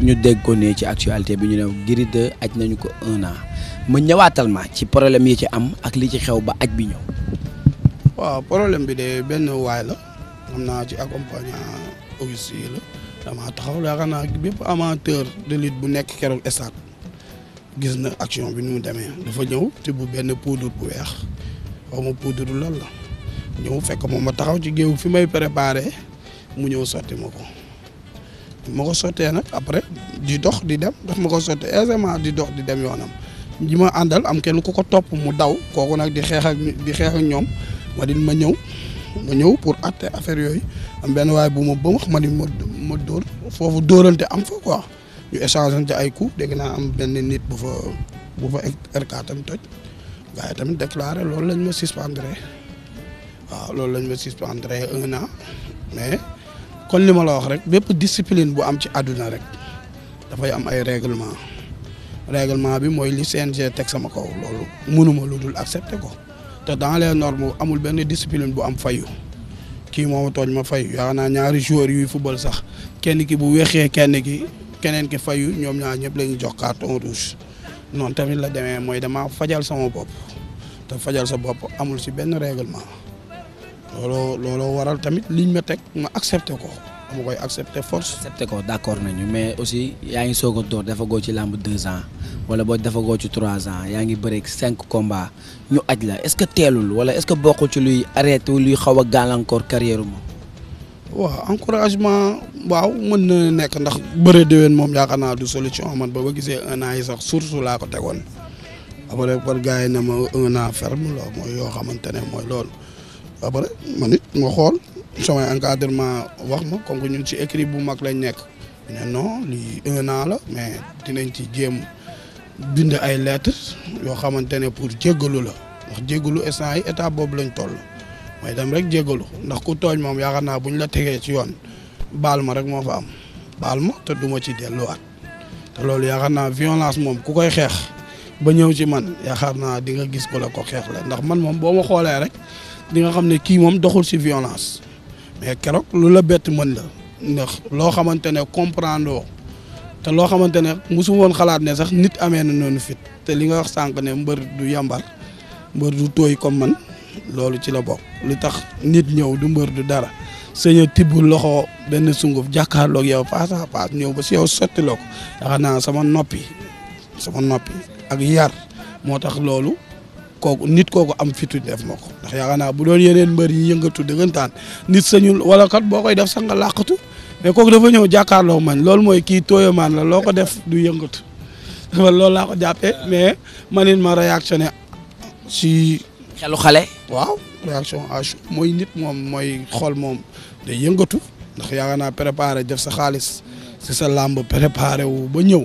ñu dégg ko ne ci actualité bi ñu ne Gris ak nañu ko un ma ñëwaatal ma ci problème yi ci am ak li ci xew ba aj bi ñëw. waaw problème bi de benn waay la xam naa ci accompagnant Auguste yi la damaa taxaw yaakaar naa bépp amateur de lutte bu nekk keroog stade gis na action bi nu mu demee dafa ñëw te bu benn poudre bu weex xaw ma poudre lal la ñëw fekk moom ma taxaw ci géew fi may préparé mu ñëw sotti ma ko. ma ko sottee nag après di dox di dem daf ma ko sottee aisément di dox di dem yoonam ñi ma àndal am kenn ku ko topp mu daw kooku nag di xeex ak di xeex ak ñoom ma ma ñëw ma ñëw pour atte affaire yooyu am benn waaye bu ma bëmax ma ni ma ma dóor foofu dóorante am fa quoi ñu échangeante ay coups dégg naa am benn nit bu fa bu fa RK tamit toj gars tamit déclaré loolu lañ ma suspendre waaw loolu lañ ma suspendre un an kon li ma la wax rek bépp discipline bu am ci adduna rek dafay am ay règlement réglement bi mooy li CNG teg sama kaw loolu mënuma lu dul accepter ko te dans les bu amul benn discipline bu am fayu kii mooma tooñ ma fayu yaakaar naa ñaari joueurs yuy football sax kenn ki bu weexee kenn ki keneen ki fayu ñoom ñaar ñëpp la ñu jox carton rouge noonu tamit la demee mooy dama fajal sama bopp te fajal sa bopp amul si benn réglement looloo looloo waral tamit liñ ma teg ma accepté ko ma koy accepte force. accepté ko d' accord nañu mais aussi yaa ngi soog a door dafa goo ci làmb deux ans wala boo dafa goo ci trois ans yaa ngi bëreeg cinq combats ñu aj la est ce que teelul wala est ce que bokkul ci luy arrêté luy xaw a gàllankoor carrière moom. waaw encouragement waaw mën na nekk ndax bëre deween moom yaakaar naa du solution man ba ba gisee un an yi sax source laa ko tegoon après par gars yi ne ma un an ferme l yoo xamante ne mooy loolu. ba pare man it ma xool samay encadrement wax ma comme que ñun ci écrit bu mag lañ nekk ne non lii un la mais dinañ ci jéem bind ay lettres yoo xamante ne pour jéggalu la ndax jéggalu instant yi état boobu lañ toll mooy dem rek jéggalu ndax ku tooñ moom yaakaar naa buñ la tegee ci yoon baal ma rek moo fa am baal ma te duma ci delluwaat te loolu yaakaar naa violence moom ku koy xeex ba ñëw ci man yaakaar naa di nga gis ko la ko xeex la ndax man moom boo ma xoolee rek di nga xam ne kii moom doxul si violence mais keroog lu la bett mën la ndax loo xamante ne comprendre te loo xamante ne mosu xalaat ne sax nit amee na noonu fit te li nga wax sànq ne mbër du yàmbar mbër du tooy comme man loolu ci la bokk lu tax nit ñëw du mbër du dara sëñ a tibb loxo benn sunguf jàkkaarloog yow face à ñëw ba si yow sotti loo ko naa sama noppi sama noppi ak yar moo tax loolu kooku nit kooku am fitu def ma ko ndax yaakaar bu doon yeneen mbër yi yëngatu dëggantaan nit sa sañul wala kat boo koy def sax nga làqatu mais kooku dafa ñëw jàkkaarloo man loolu mooy kii tooyamaan la loo ko def du yëngatu man loolu laa ko jàppee mais ma it ma réactionné si. xelu xale. waaw réaction à chaud mooy nit moom mooy xol moom day yëngatu ndax yaakaar naa préparé def sa xaalis si sa làmb préparé ba ñëw.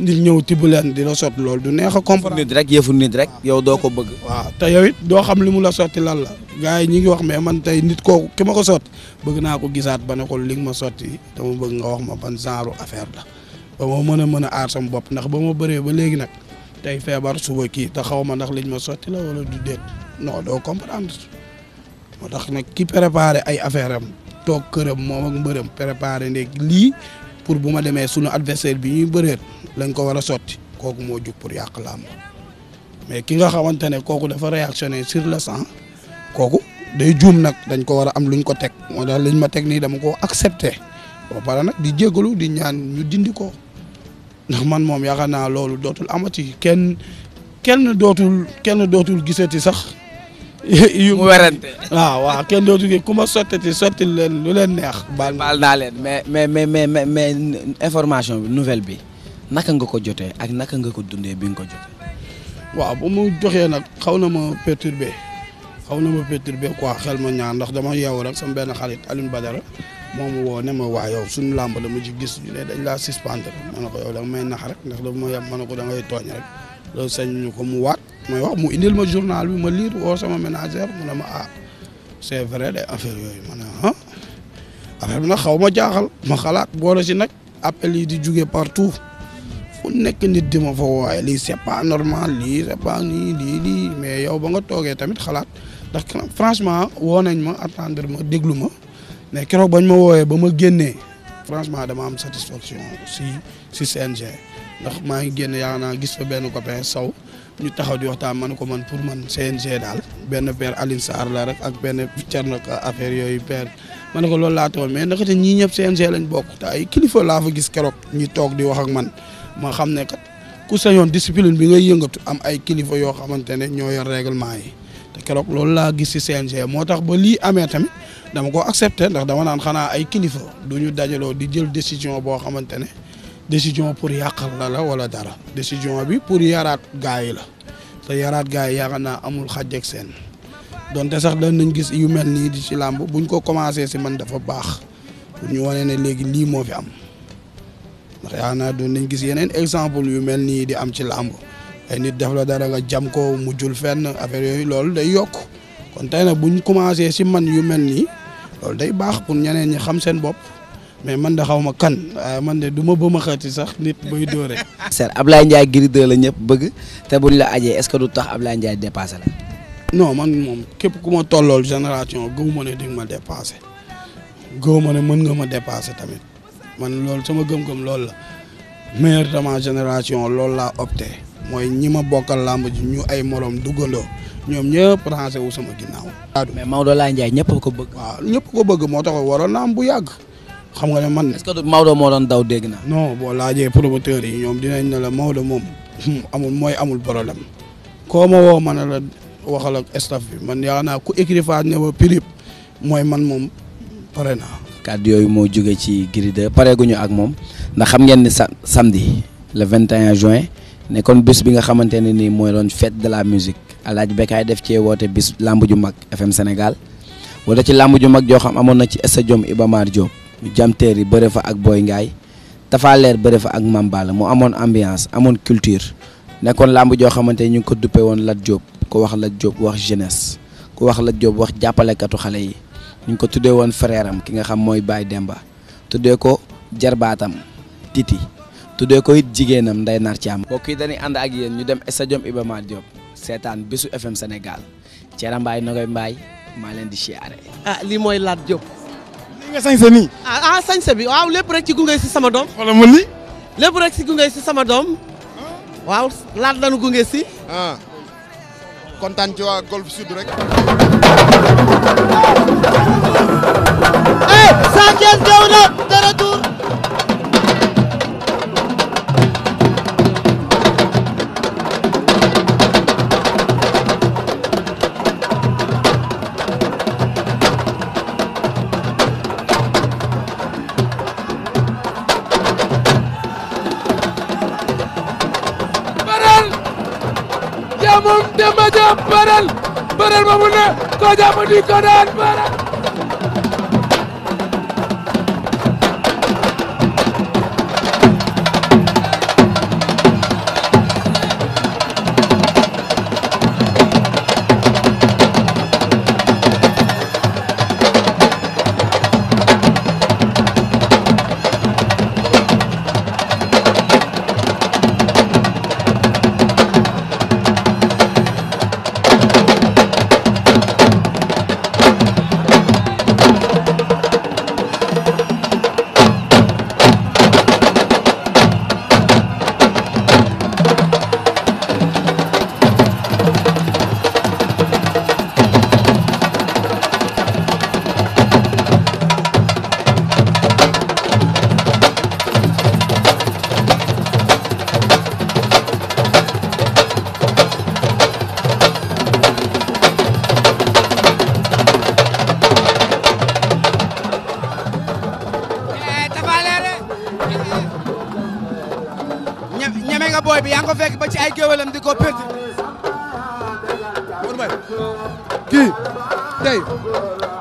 di ñëw tibb leen dina la lool loolu du neex a comprendre nit rek yëfu nit rek yow doo ko bëgg waaw te yow it doo xam li mu la sotti lan la gars yi ñi ngi wax mais man tey nit ko ki ko sotti bëgg naa ko gisaat ba ne ko li nga ma sotti dama bëgg nga wax ma ban genre affaire la ba ma mën a mën a aar sama bopp ndax ba moo bëree ba léegi nag tey feebar suba kii ta xaw ma ndax liñ ma sotti la wala du déet non doo comprendre moo tax nag ki préparé ay affaire am toog këram moom ak mbërëm préparé ndeg lii pour bu ma demee sunu adversaire bi ñuy bëreet lañ ko war a sotti kooku moo jug pour yàq làmb mais ki nga xamante ne kooku dafa réactionné sur le sang kooku day juum nag dañ ko war a am luñ ko teg moo daal liñ ma teg nii dama ko accepté ba pare nag di jégalu di ñaan ñu dindi ko ndax man moom yaakaar naa loolu dootul amati kenn kenn dootul kenn dootul gisati sax. yu mu werante waaw waaw kenn dootu gi ku ma sottati sotti lu leen neex. baal naa leen mais mais mais mais mais information bi nouvelle bi naka nga ko jote ak naka nga ko dundee bi nga ko jotee. waaw bu mu joxee nag xaw na ma perturbé xaw na ma perturbé quoi xel ma ñaan ndax dama yeewu rek sama benn xarit Alioune Badara moom woo ne ma waa yow suñu làmb mu ci gis ñu ne dañ rek ndax daf ma yem ma ne ko da ngay tooñ rek. loolu sañ ñu ko mu waat mooy wax mu indil ma journal bi ma liir woo sama ménagère mu ne ma ah c'est vrai de affaire yooyu ma ne ah affaire bi nag xaw ma jaaxal ma xalaat boole si nag appel yi di jóge partout fu nekk nit di ma fa waaye lii c'est pas normal lii c'est pas nii lii lii mais yow ba nga toogee tamit xalaat ndax franchement woo nañ ma attendre ma déglu ma mais keroog bañ ma wooyee ba ma génnee franchement dama am satisfaction si si CNG. ndax maa ngi génn yaa naa gis fa benn copain sow ñu taxaw di waxtaan man ko man pour man CNG daal benn père Aline Sarr la rek ak benn Thierno affaire yooyu père ma ne ko loolu laa toon mais ndaxte ñii ñëpp CNG lañ bokk te ay kilifa laa fa gis keroog ñu toog di wax ak man ma xam ne kat ku sañoon discipline bi ngay yëngatu am ay kilifa yoo xamante ne ñoo yor yi te keroog loolu laa gis ci CNG moo tax ba lii amee tamit dama ko accepté ndax dama naan xanaa ay kilifa du ñu dajaloo di jël décision boo xamante ne. décision pour yàqal la la wala dara décision bi pour yaraat gars yi la te yaraat gars yi naa amul xàjj ak seen donte sax dañ nañ gis yu mel nii di ci làmb buñ ko commencé si man dafa baax ñu wane ne léegi lii moo fi am ndax yaakaar doon nañ gis yeneen exemple yu mel nii di am ci làmb ay nit def la dara nga jam ko mujjul fenn affaire yooyu loolu day yokk kon tey buñ commencé si man yu mel nii loolu day baax pour ñeneen ñi xam seen bopp. mais man de xawma kan man de du ma ba ma xati sax nit buy dóore. seer Ablaye Ndiaye Gris 2 la ñëpp bëgg te buñ la ajee est-ce que du tax Ablaye Ndiaye dépassé la. non man moom képp ku ma tollool génération gëw ma ne di nga ma dépassé ma ne mën nga ma dépassé tamit man loolu sama gëm-gëm loolu la meilleur de génération loolu laa opté mooy ñi ma bokkal làmb ji ñu ay morom duggandoo ñoom ñëpp rancé wu sama ginnaaw. mais Maodo Laye Ndiaye ñëpp ko bëgg. waaw ñëpp ko bëgg moo tax waroon na am bu yàgg. xam nga ne man. est Maodo moo doon daw dégg na. non boo laajee promoteur yi ñoom dinañ na la Maodo moom amul mooy amul problème koo ma woo ma ne la waxal ak staff bi man yaakaar naa ku écrit fa ne wa prip mooy man moom pare naa. kàddu yooyu moo jóge ci Gris 2 pare guñu ak moom ndax xam ngeen ni sa samedi le 21 juin nekkoon bis bi nga xamante ne nii mooy doon fet de la musique Alaaji Bekaay def cee woote bis lamb ju mag FM Sénégal wala ci lamb ju mag joo xam amoon na ci stade Iba Mar Diop. jamteer yi bëre fa ak Boy dafa leer bëre fa ak Mambala mu amoon ambiance amoon culture nekkoon làmb joo xamante ñu ngi ko duppe woon Lat jóob ko wax Lat jóob wax jeunesse ko wax Lat Diop wax jàppalekatu xale yi ñu ngi ko tuddee woon frère ki nga xam mooy Baye Demba tuddee ko jarbaatam Titi tuddee ko it jigéenam Ndeye Nar Thiam. mbokk kii dañuy ànd ak yéen ñu dem stadium Iba Mar Diop seetaan Bisu FM Sénégal Thierno Mbaye Nogoy mbaay maa leen di siyaare. Ah, nga sañse nii. ah, ah lépp rek ci gunge si sama doom. lépp rek si si sama doom. Ah. waaw laat lañu gunge ah. kontaan ci waa Golf Sud rek. eh Sa Thiès daw na de retour. ko jëm bërel bërel ba mu ne koo jàpp di ko daan bërel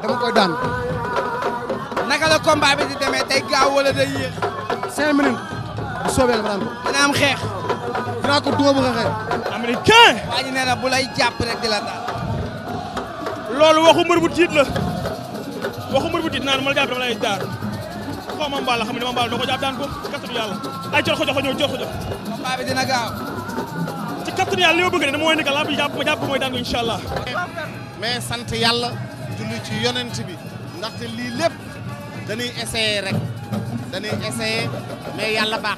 dama koy daan. naka la combat bi di demee tey gaaw wala day yéex. cinq bu soobee la ma daan am xeex. dinaa ko duma bu nga xeex. américain. waa ji nee na bu lay jàpp rek di la daal. loolu waxu mbër bu tiit la. waxu mbër bu tiit naan ma la jàpp dama lay jaar. xaw ma mbaal la xam ne dama mbaal doo ko jàpp daan ko ci kattanu yàlla. ay jor ko jox ko ñëw jor ko gaaw. ci kattanu li ma bëgg de dama woy ne que laa ma jàpp mooy daan ko incha mais sant yàlla. julli ci yonent bi ndaxte lii lépp dañuy essayer rek dañuy essayer mais yàlla baax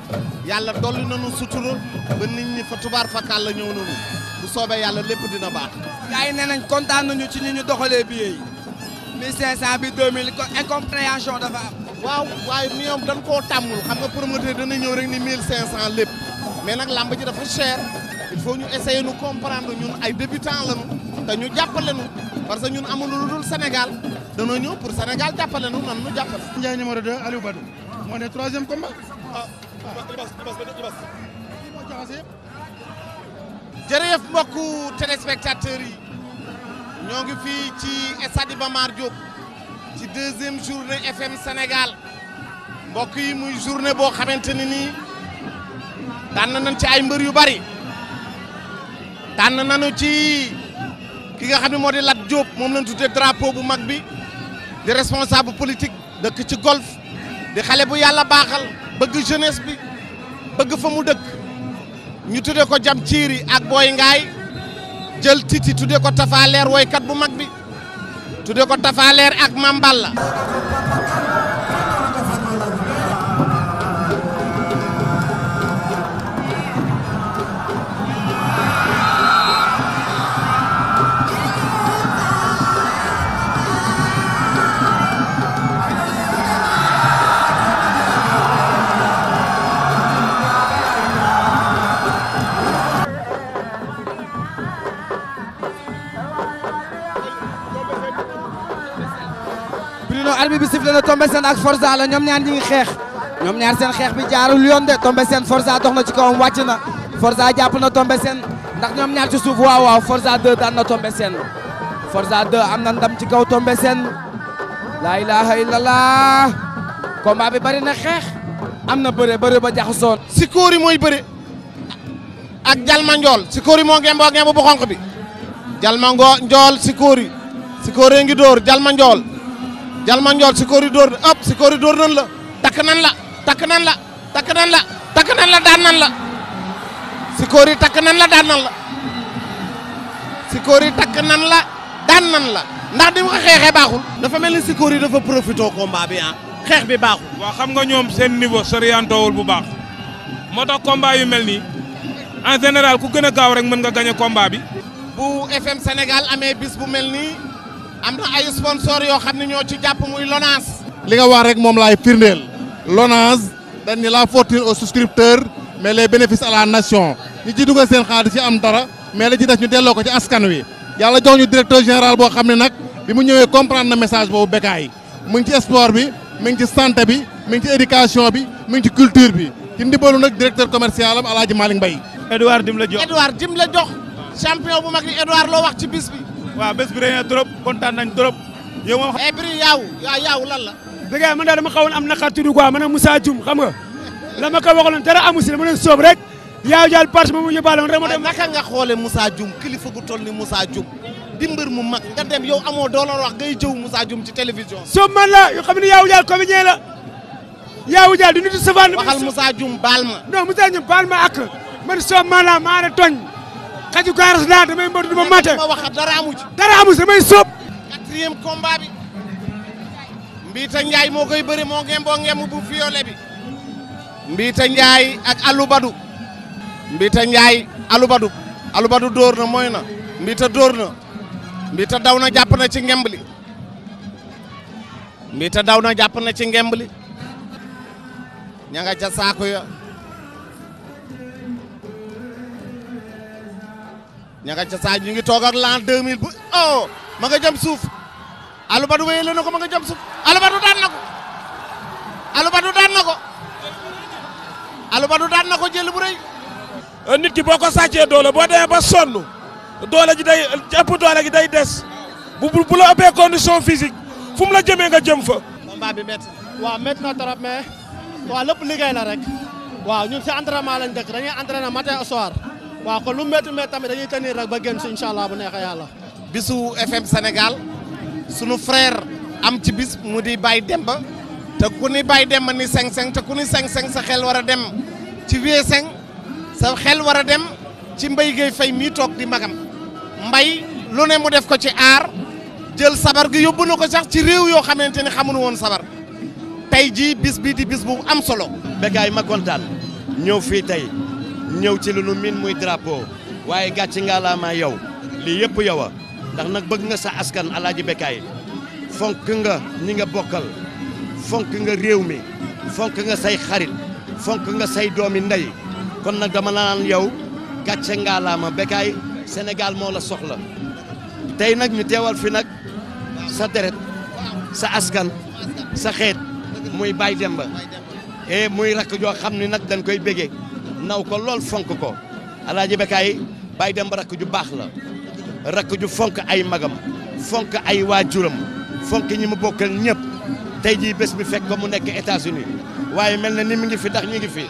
yàlla dolli nañu sutura ban niñ ñi fa tubaar fakal la ñëw nañu bu soobee yàlla lépp dina baax. gars yi nee nañ kontaan nañu ci ni ñu doxalee billets yi. 1500 bi 2000 ko incompréhension dafa am. waaw waaye ñoom dañ koo tàmmul xam nga promoteur dana ñëw rek ni 1500 lépp mais nag làmb ji dafa cher il faut ñu essayer nu comprendre ñun ay débutants lañu ñu jàppale parce que ñun amul lu dul Sénégal danoo ñëw pour Sénégal jàppale nu man nu jàppale. Ndiaye numéro 2 Aliou moo ne troisième combat. ah jërëjëf mbokku téléspectateurs yi ñoo ngi fii ci stade Iba Mar Diop ci deuxième journée FM Sénégal mbokk yi muy journée boo xamante ne nii tànn nañ ci ay mbër yu bari tànn nañu ci. ki nga xam ne moo di Lat Diop moom lañ tuddee drapeau bu mag bi di responsable politique dëkk ci golf di xale bu yàlla baaxal bëgg jeunesse bi bëgg fa mu dëkk ñu tuddee ko jam ciiri ak booy ngaay jël titi tuddee ko tafaaleer woykat bu mag bi tuddee ko tafaaleer ak mambal arbi bi sifle na Tombé Sène ak Forza la ñoom ñaar ñi ngi xeex ñoom ñaar seen xeex bi jaarul yoon de Tombé Sène ci kawam wàcc na Forza jàpp na Tombé Sène ndax ñoom ñaar ci suuf waaw waaw Forza 2 daan na Tombé Sène Forza 2 am na ndam ci kaw Tombé Sène laa illallah combat bi bari na xeex am na bëre bëre ba jaxasoon Sikori mooy bëre ak Jalma Njool Sikori moo ngemboo ngemb bu bi Jalma Njool Sikori Sikori ngi dóor Jalma Njool Jalma Ndiol Sikori dóor na hop Sikori dóor nan la takk nan la takk nan la takk nan la takk nan la daan nan la Sikori takk nan la daan nan la Sikori takk nan la daan nan la ndax di nga xeexee baaxul. dafa mel ni Sikori dafa profité combat bi ah xeex bi baaxul. waa xam nga ñoom seen niveau soriyantoowul bu baax moo tax combat yu mel ni en général ku gën a gaaw rek mën nga gagné combat bi. bu FM Sénégal amee bis bu mel nii. am na ay sponsor yoo xam ne ñoo ci jàpp muy Lonase. li nga wax rek moom laay firndeel Lonase dañ ni la fortune aux souscripteurs mais les bénéfices à la ci dugal seen xaalis ci am dara mais la ci des ñu delloo ko ci askan wi yàlla jox ñu directeur général boo xam ne nag bi mu ñëwee comprendre na message boobu békaay mu ngi ci sport bi mu ci santé bi mu ngi ci éducation bi mu ngi ci culture bi ci ndimbalu nag directeur commercial am Alaaji Malick Mbaye Edouard la jox Edouard la jox waaw bés bi rëy na trop kontaan nañ trop. yow moom xam eh, nga. yaaw yaaw lan la. man daal dama xawoon na naqar tudd quoi ma ne Moussa Dioum xam nga la ma ko waxaloon dara amu si dama leen soob rek yaaw jaal parti moom mu yóbbaale woon rek ma dem. naka nga xoolee Moussa Dioum kilifa gu toll ni Moussa Dioum di mu mag nga dem yow amoo doole wax ngay jëw Moussa Dioum ci télévision. soob man la yoo xam ne yaaw jaal comédien la yaaw jaal du nit yu savane. waxal Moussa Dioum baal ma. non Moussa Dioum baal ma ak man xaju kaaras laa damay mbër ma mate. dara amu ci. dara amu ci damay soob. quatrième combat moo koy bëri moo ngem boo ngemu bu fiole bi. Mbiita Ndiaye ak Aloubadou. Mbiita Ndiaye Aloubadou. Aloubadou dóor na mooy na. Mbiita dóor na. Mbiita daw na jàpp na ci ngemb li. daw na jàpp na ci ngemb li. ña nga ca saako ya. ña ca saaj ñu ngi toog ak l'an 2000 o oh ma nga jëm suuf Alubadu wéyale na ko ma nga jëm suuf Alubadu daan na ko Alubadu daan na ko daan na ko jël bu rëy. Euh, nit ki boo ko sàccee doole boo demee ba sonn doole ji day ëpp doole gi day des bu bu la ëppee condition physique fu mu la jëmee nga jëm fa. combat bi métti. waaw métti na trop mais waaw lépp liggéey la rek waaw ñun si entraînement lañ dëkk dañuy entraîné matin au soir. waaw kon lu métti métti tamit dañuy tenir rek ba génn si incha allah bu neexee yàlla. bisu FM senegal sunu frère am ci bis mu di dem ba te ku ni Baye Demba ni seng-seng te ku ni seng-seng sa xel war a dem ci Vieux Seng sa xel war a dem ci Mbaye Gueye Faye mii toog di magam mbay lu ne mu def ko ci aar jël sabar gi yóbbu na ko sax ci réew yoo xamante ni xamuñu woon sabar tey jii bis bii di bis bu am solo. béykat yi ma kontaan ñëw fii tey. ñëw ci lu nu miin muy drapeau waaye gàcce ngaalaamaa yow lii yëpp yow a ndax nag bëgg nga sa askan alaaji Bécaye fonk nga ñi nga bokkal fonk nga réew mi fonk nga say xarit fonk nga say doomi ndey kon nag dama naan yow gàcce ngaalaama Bécaye Sénégal moo la soxla tey nag ñu teewal fi nag sa deret sa askan sa xeet muy Baye Demba e muy rakk joo xam ni nag dañ koy bége naw ko lool fonk ko alaaji Bekaay Baye Demba rakk ju baax la rakk ju fonk ay magam fonk ay waajuram fonk ñi mu bokkal ñëpp tey jii bés bi fekk ko mu nekk états waaye mel na ni mi ngi fi ndax ñu ngi fi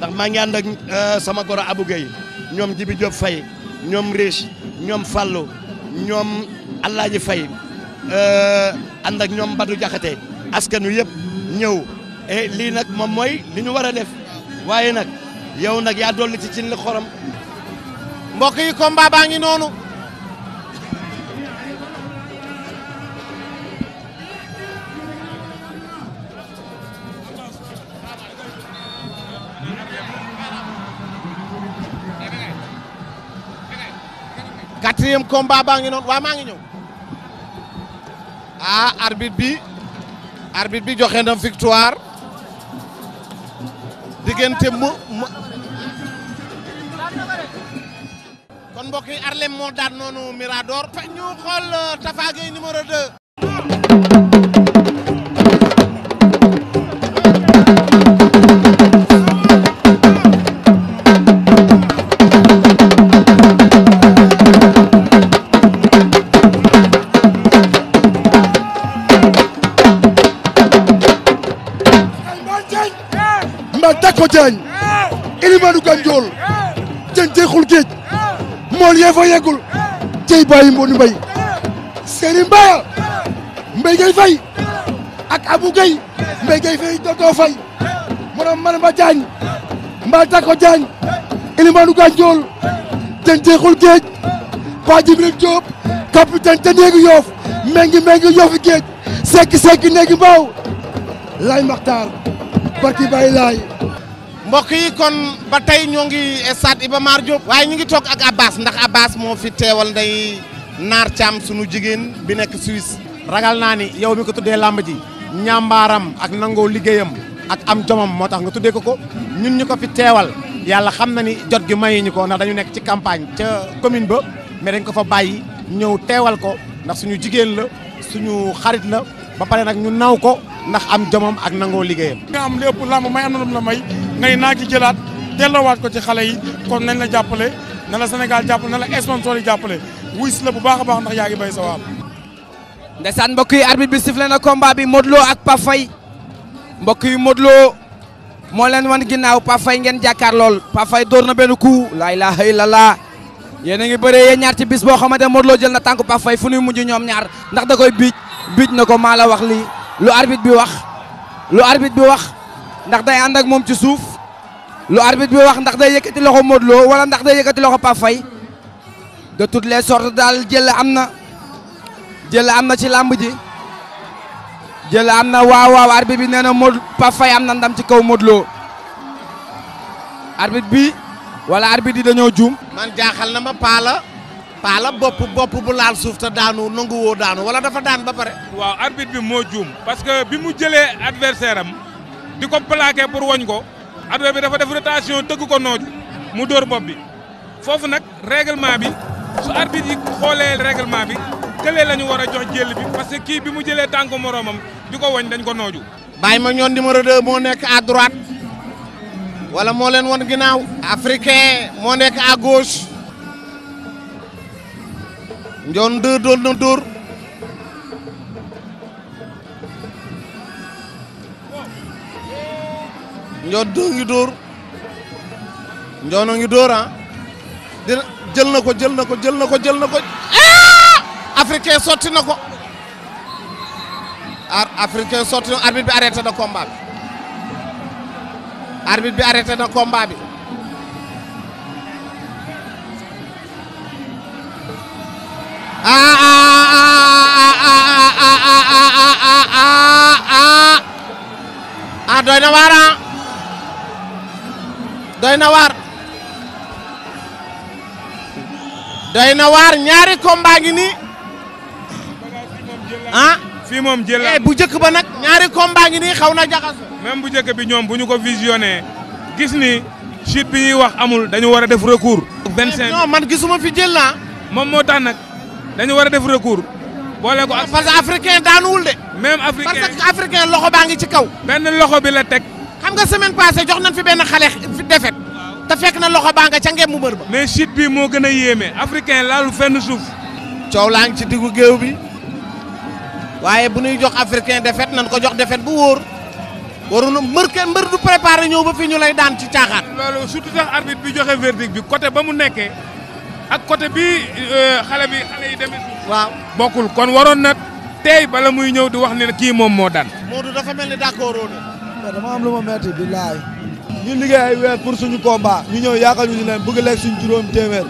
ndax maa ngi ànd ak euh, sama goro Abou Gueye ñoom Jibi Diop Faye ñoom Riche ñoom Fallou ñoom Alaaji fay euh, ànd ak ñoom Badou Jaxate askanu yëpp ñëw eh, lii nag moom mooy li ñu war a def waaye nag yow nag yaa dolli ci cin li xorom. mbokk yi combat baa ngi noonu. quatrième combat baa ngi noonu waaw maa ngi ñëw. ah arbitre bi arbitre bi joxe na victoire diggante mu. kon mbokk yi Arlem moo daan noonu Mirador ñu xool euh, Tapha Gueye numéro bàyyi Modou Mbaye Serigne Mbaye Mbaye Gueye Faye ak Abou Gueye Mbaye Gueye Faye dootoo Faye morom Maramba Diagne Mbaye Tako Diagne Elimane Gandiol Tenteexul Géej Pa Jibril Diop te néegi yoof mengi mengi yoofi géej sekki sekki néegi mbaaw lay maxtaar barki bàyyi laay mbokk kon ba tey ñoo ngi stade Iba Mar Diop waaye ñu ngi toog ak Abbas ndax Abbas moo fi teewal nday naar caam sunu jigéen bi nekk Suisse. ragal naa ni yow mi ko tuddee làmb ji ñàmbaaram ak nangoo liggéeyam ak am jomam moo tax nga tuddee ko ko ñun ñu ko fi teewal yàlla xam na ni jot gi mayi ñu ko ndax dañu nekk ci campagne ca commune ba mais dañ ko fa bàyyi ñëw teewal ko ndax suñu jigéen la suñu xarit la ba pare nag ñu naw ko ndax am jomam ak nangoo liggéeyam. nga am lépp làmb may am na la may ngay naa ci delloowaat ko ci xale yi kon nañ la jàppale na la Sénégal jàppale na la sponsor jàppale wuy si la bu baax a baax ndax yaa ngi béy sa waam. ndeysaan mbokk yi arbitre bi sifflé na combat bi Modou Lo ak Pafay mbokk yi Modou Lo moo leen wan ginnaaw Pafay ngeen jàkkaar lool Pafay dóor na benn ku laa ilaaha illallah yéen a ngi bëree yéen ñaar ci bis boo xamante ne Modou Lo jël na tànku Pafay fu ñuy mujj ñoom ñaar ndax da koy biij biij na ko maa la wax lii lu arbitre bi wax lu arbitre bi wax ndax day ànd ak moom ci suuf. lu arbitre bi wax ndax day yëkkati loxo Modou Lo wala ndax day yëkkati loxo Pape de toutes les sortes daal jël am na jël am na ci làmb ji jël am na waaw waaw arbitre bi nee na Modou Pape am na ndam ci kaw Modou Lo bi wala arbitre di dañoo juum. man jaaxal na ma paala paala bopp bopp bu laal suuf te daanu nanguwoo daanu wala dafa daan ba pare. waaw arbitre bi moo juum parce que bi mu jëlee adversaire am di ko plaqué pour woñ ko. arbitre bi dafa def rotation tëgg ko nooju mu dóor bopp bi foofu nag règlement bi bi di yi xoolee règlement bi këlee la ñu war a jox jël bi parce que kii bi mu jëlee tànku moroomam di ko woñ dañ ko nooju bàyyi ma ñoon numéro 2 moo nekk à droite wala moo leen won ginnaaw africain moo nekk à gauche njoon deux dool na dóor Ndiol doo ngi dóor Ndiol noo ngi dóor na ko jël na ko jël na ko jël na ko africain sotti na ko ar africain sotti na arbitre bi arrêté doy na waar doy na waar ñaari combat ngi nii ah. fii moom jël la eh, bu njëkk ba nag ñaari combat ngi nii xaw na jaxaso même bu njëkk bi ñoom bu ñu ko visionné gis ni chute bi ñuy wax amul dañu war a def recours. 25 eh, non man gisuma fi jël naa. moom moo tax nag dañu war a def recours. boole ko parce que africain daanuwul de. même africain loxo baa ngi ci kaw. benn loxo bi la teg. xam nga semaine passée jox nañ fi benn xale defet te fekk na loxo baa nga ca mu mbër ba. mais chute bii moo gën a yéeme africain laalu fenn suuf. coow laa ngi ci diggu géew bi waaye bu ñuy jox africain defet nañ ko jox defet bu wóor waruñu mbër kenn mbër du préparé ñëw ba fii ñu lay daan ci caaxaan. loolu surtout sax bi joxe verdict bi côté ba mu nekkee ak côté bi euh, xale bi xale yi demee suuf. waaw bokkul kon waroon na tey bala muy ñëw di wax ne kii moom moo daan. Modou dafa mel ni d'accord woon mais dama am lu ma metti billaay ñu liggéey ay pour suñu combat ñu ñëw yaakaar ñu leen bëgg lekk suñu téeméer.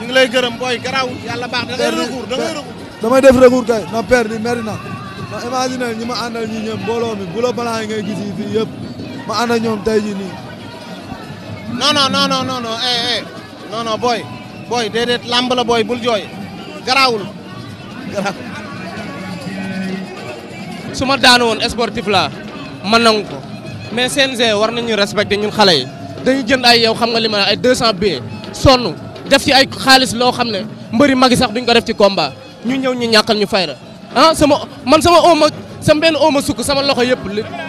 ñu ngi lay gërëm booy garaaw yàlla baax da ngay def recours kay na perdu meri na ma ñi ma àndal ñi ñëpp mbooloo mi bu la balaa ngay gis ma ànd ñoom tey jii nii. non non non non non non eh eh non non booy booy déedéet bul jooy garaawul su ma daanu woon sportif laa ma nangu ko mais CNG war nañu respecté ñun xale yi dañu jënd ay yow xam nga li ma ay 200 bii sonn def ci ay xaalis loo xam ne mbër mbëri magi sax duñ ko def ci combat ñu ñëw ñu ñàkkal ñu fay la ah sama man sama ooma sama benn ooma sukk sama loxo yëpp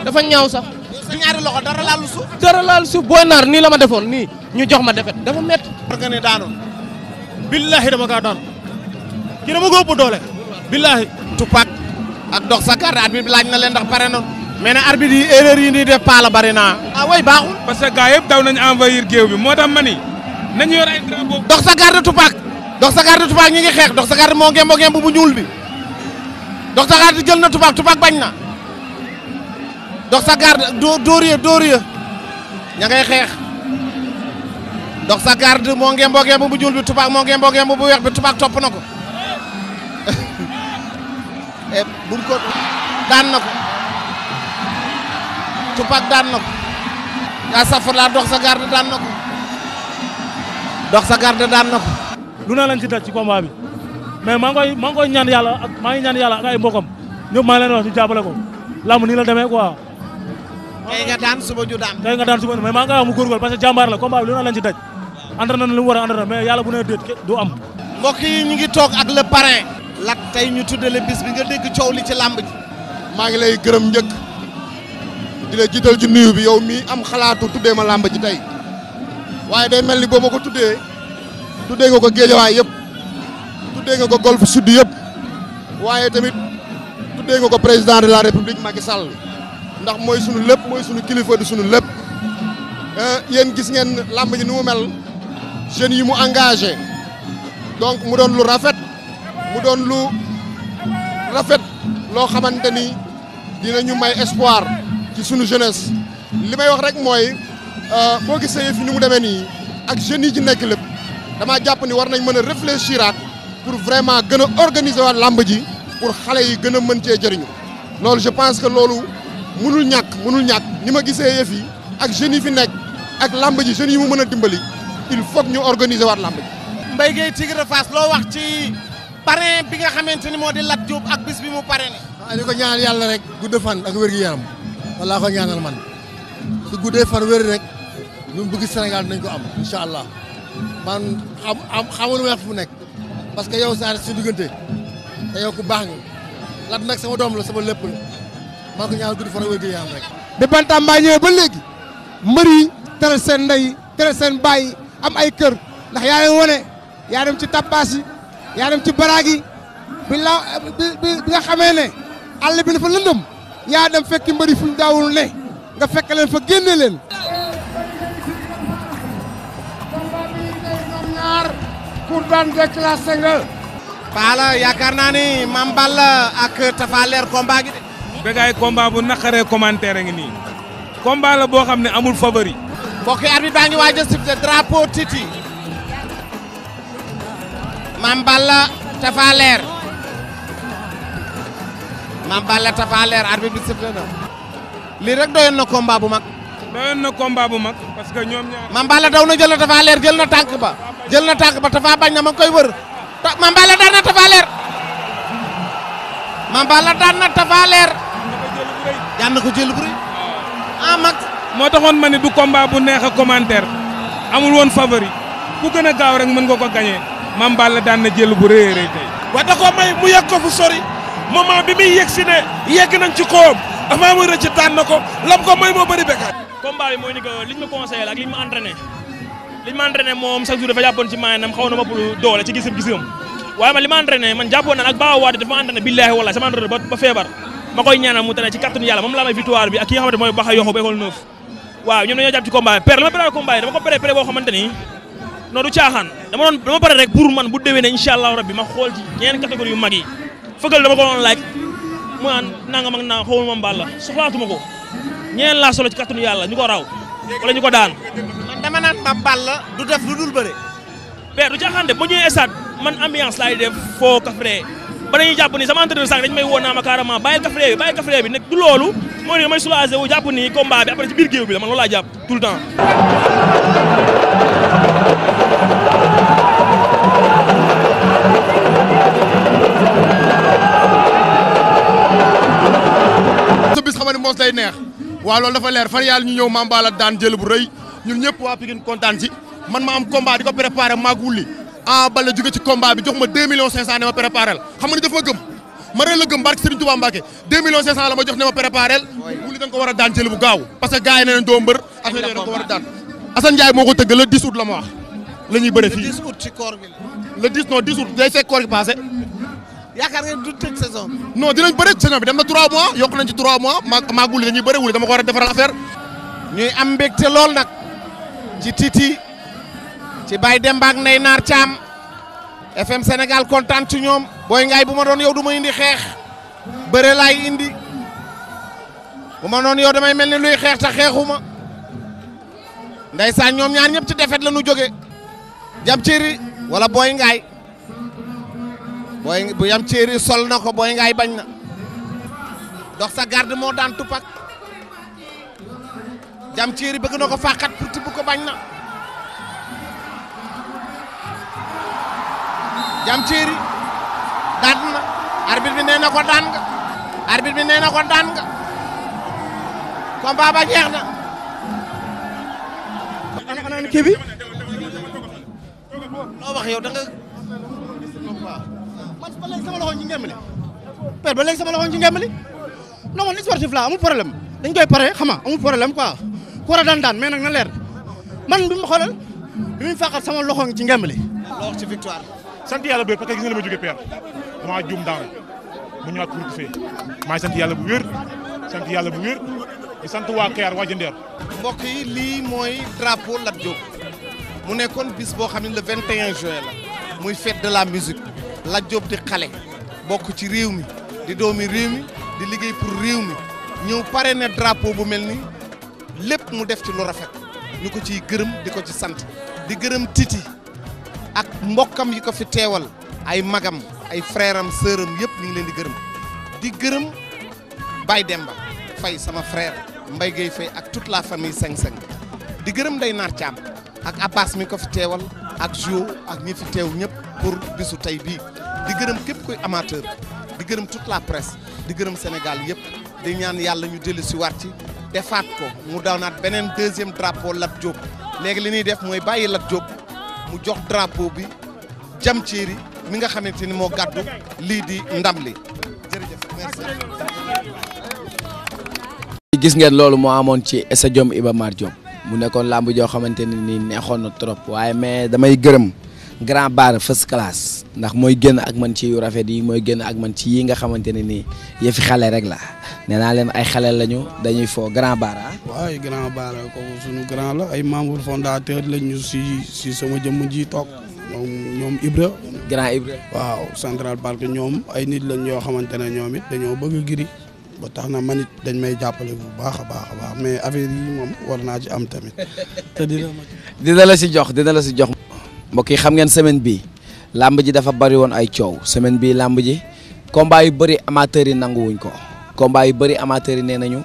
dafa ñaaw sax. sa ñaari loxo dara laalu suuf. dara laal suuf booy naar nii la ma defoon nii ñu jox ma defet dafa métti. war nga ne daanoon. billahi dama kaa daan. ki dama ko ëpp doole. ak dox sa carte arbitre bi laaj na leen ndax pare na mais nag arbitre yi erreur yi nii def paa bari naa. ah way baaxul. parce que gar yëpp daw nañu envahir géew bi moo tax ma ni nañu yor ay drapeau. dox sa carte tupaak dox sa carte tupaak ñi ngi xeex dox sa carte moo ngemb ngemb bu ñuul bi dox sa carte na tupaak tupaak bañ na dox sa carte doo dóor ya ngay xeex. dox sa garde moo ngeen boogee bu bu ñuul bi tubaab moo ngeen boogee bu weex bi tubaak topp na ko et eh, buñ ko daan na ko daan na ko yaa safurlaa dox sa garde daan na ko dox sa garde daan na ko lu na lañ ci daj ci combat bi mais maa ngi koy maa ngi koy ñaan yàlla ak maa ngi ñaan yàlla ak ay mbokam ñëpp maa ngi leen wax ñu jàppale ko lamb nii la demee quoi tey nga daan suba ju daan. tey nga daan suba mais maa ngi koy mu góorgóorlu parce que la combat bi lu ne lañ daj entraîné na lu mu war a entraîné mais yàlla bu ne déet du am mbokk yi ngi toog ak le parrain Lat tey ñu tuddale bis bi nga dégg coow li ci làmb ji. maa ngi lay gërëm njëkk di la jiital ci nuyu bi yow mii am xalaatu tuddee ma làmb ji tey waaye day mel ni boo ma ko tuddee tuddee nga ko géejawaay yëpp tuddee nga ko golf sud yëpp waaye tamit tuddee nga ko président de la république Macky Sall ndax mooy sunu lépp mooy suñu kilifa di suñu lépp euh, yéen gis ngeen làmb ji ni mu mel jeunes yi mu engage donc mu doon lu rafet. mu doon lu rafet loo xamante ni ñu may espoir ci sunu jeunesse li may wax rek mooy euh, boo gisee fi ni mu demee nii ak jeunes yi ci nekk lépp damaa jàpp ni war nañ mën a réfléchir aat pour vraiment gën a organiser waat làmb ji pour xale yi gën a mën cee jëriñu loolu je pense que loolu mënul ñàkk mënul ñàkk ni ma gisee yëf yi ak jeunes yi fi nekk ak làmb ji jeunes yi mu mën a dimbali il faut ñu organiser waat làmb ji. Mbaye Gueye Tigre loo wax ci. parrain bi nga xamante ni moo di Lat Diop ak bis bi mu parrainé. waaw ah, di ko ñaanal yàlla rek gudd fan ak wér gu yaram walla ko ñaanal man su guddee fan wér rek ñu bëgg Sénégal dinañ ko am incha allah man am fu mu nekk parce que yow saa su diggante te yow ku baax nga Lat nag sama doom la sama lépp la maa ko ñaanal gudd fan ak wér gu yaram rek. bi Bantamba ñëwee ba léegi mbër yi tere seen ndey seen baay am ay kër ndax yaa leen wane yaa ci tapas yaa dem ci baraag yi bi la bi nga xamee ne àll bi dafa lëndëm yaa dem fekki mbëri fuñ daawul ne nga fekk leen fa génne leen. ñaar pour daan déclassé nga. Paala yaakaar naa ni Mame Balla ak Tapha Leer combat gi de. bégaay combat naqaree commentaire ngi nii. combat boo xam ne amul favori. mbokk yi arbitre baa ngi waaj Titi. Mame Balla Tapha Leer Mame Balla Tapha Leer rek doyoon na bu mag doyoon na bu mag parce que ñoom ñaar Mame Balla daw na jël na Tapha jël na tànk jël na tànk ba Tapha bañ na ma ngi koy wër Mame Balla daan na Tapha Leer ah. ah, moo taxoon ma du combat bu neex a commentaire amul woon favori ku gën rek mën nga ko gagné Mame la daan na jël bu rëy a rëy tey. wa da may mu yegg ko fu sori moment bi muy yegg si ne yegg nañ ci kawam avant muy rëcc daan na ko lam ko may moo bëri béykat. combat bi mooy ni que liñ ma conseillé ak liñ ma entraîné liñ ma entraîné moom chaque jour dafa jàppoon ci maanaam xaw na ma ëpp doole ci gisam-gisam waaye man li ma entraîné man jàppoon na ak Baba Wade dafa ma billaahi wallaahi sama ba feebar ma koy ñaanal mu tane ci ni non du caaxaan dama doon dama pare rek pour man bu déwénee incha allahu rabbi ma xool ci ñeen catégorie yu mag yi fëgal dama ko doon laaj mu naan nangam ak naa xawma moom Balla soxlaatuma ko ñeen laa solo ci kattanu yàlla ñu ko raw wala ñu ko daan. man dama naan ba Balla du def lu dul bëre. père du caaxaan de ba ñëwee stade man ambiance laay de foo kafre ba dañuy jàpp ni sama entraîneur sànq dañu may woo naa ma carrément bàyyil kafre bi bàyyil kafre bi nekk du loolu mooy ne may wu jàpp ni combat bi après biir géew bi la man loolu jàpp tout le mboos neex waaw loolu dafa leer far yàlla ñu ñëw Mame daan jël bu rëy ñun ñëpp waa Pikine kontaan ci man ma am combat di ko préparé maag wulli ah bala jóge ci combat bi jox ma 2 millions 500 ne ma préparé xam ni dafa gëm ma ren la gëm barke Serigne Touba Mbacké 2 millions 500 la ma jox ne ma préparé wulli da ko war a daan jël bu gaaw parce que gars yi nee nañ doo mbër affaire ko war a daan Assane Ndiaye moo ko tëgg la ma yaakaar ngeen du tëj saison no non dinañ bëri saison bi dem na yokk nañ ci 3 mois maa maa wuli dañuy bëri wuli dama ko war a defaral affaire. ñuy am mbégte lool nag ci Titi ci Baye Demba ak Ndeye Naar Thiam FM Sénégal kontaan ci ñoom. booy ngaay bu ma doon yow duma indi xeex bëre laay indi bu ma doon yow damay mel ni luy xeex ta xeexuma ndeysaan ñoom ñaar ñëpp ci defet la ñu jóge jab cëri wala booy ngaay booy bu yam céeri sol na ko booy ngaay bañ na dox sa garde moo daan tupak jam céeri bëgg na ko fàqat pour tibb ko bañ na jam céeri daan na arbitre bi nee na ko daan ko daan nga combat na ana loo wax yow da man ba léegi sama loxo ñu ngembali père ba léegi sama loxo sportif la amul problème dañ koy pare xama amul problème quoi ku war a daan daan mais nag na leer man bi ma xoolal bi muy fàqat sama loxo ngi ci ngembali loo wax ci victoire sant yàlla bu wér parce que juum daanu mu ñëwaat pour fee maa ngi sant yàlla bu wér sant yàlla bu wér di sant waa Kayar waa Jëndeer mbokk yi lii mooy drapeau Lat Diop mu nekkoon bis boo xam ne le 21 juin la muy fête de la musique Lat Diop di xale bokk ci réew mi di doomi réew mi di liggéey pour réew mi ñëw pare ne drapeau bu mel ni lépp mu def ci lu rafet ñu ko ciy gërëm di ko ci sant di gërëm titi ak mbokkam yi ko fi teewal ay magam ay frère am sœur am yëpp ñu ngi leen di gërëm di gërëm Baye Demba fay sama frère Mbaye Gueye fay ak toute la famille Seng Seng di gërëm Ndeye naar Thiam ak Abbas mi ko fi teewal ak jo ak ñi fi teew ñëpp pour bisu tey bii di gërëm képp koy amateur di gërëm toute la presse di gërëm Sénégal yëpp di ñaan yàlla ñu dellu si waat ci defaat ko mu dawnaat beneen deuxième drapeau Lat Diop léegi li ñuy def mooy bàyyi Lat Diop mu jox drapeau bi jam ceeri mi nga xamante ni moo gàddu lii di ndam li jërëjëf merci gis ngeen loolu moo amoon ci stade Iba Mar Diop mu nekkoon làmb joo xamante ne nii neexoon na trop waaye mais damay gërëm grand bar first class ndax mooy génn ak man ci yu rafet yi mooy génn ak man ci yi nga xamante ne nii yëfi xale rek la nee naa leen ay xale lañu dañuy fo grand bar ah. waaw ay grand bar kooku suñu grand la ay membre fondateur lañu si si sama jëmm ji toog moom ñoom Ibra. grand Central Park ñoom ay nit lañ yoo xamante ne ñoom it dañoo bëgg giri ba tax na man it dañ may jàppale bu baax a baax a baax mais affaire yi moom war naa ci am tamit te dina la si jox dina la si jox mbokk yi xam ngeen semaine bi làmb ji dafa bari woon ay coow semaine bi làmb ji combat yu bëri amateurs yi nanguwuñ ko combat yu bëri amateurs yi nee nañu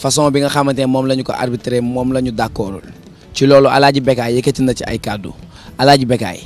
façon bi nga xamante ne moom la ñu ko arbitré moom la ñu d'accordul ci loolu Alaaji Bécaye yëkkati na ci ay kàddu Alaaji Bécaye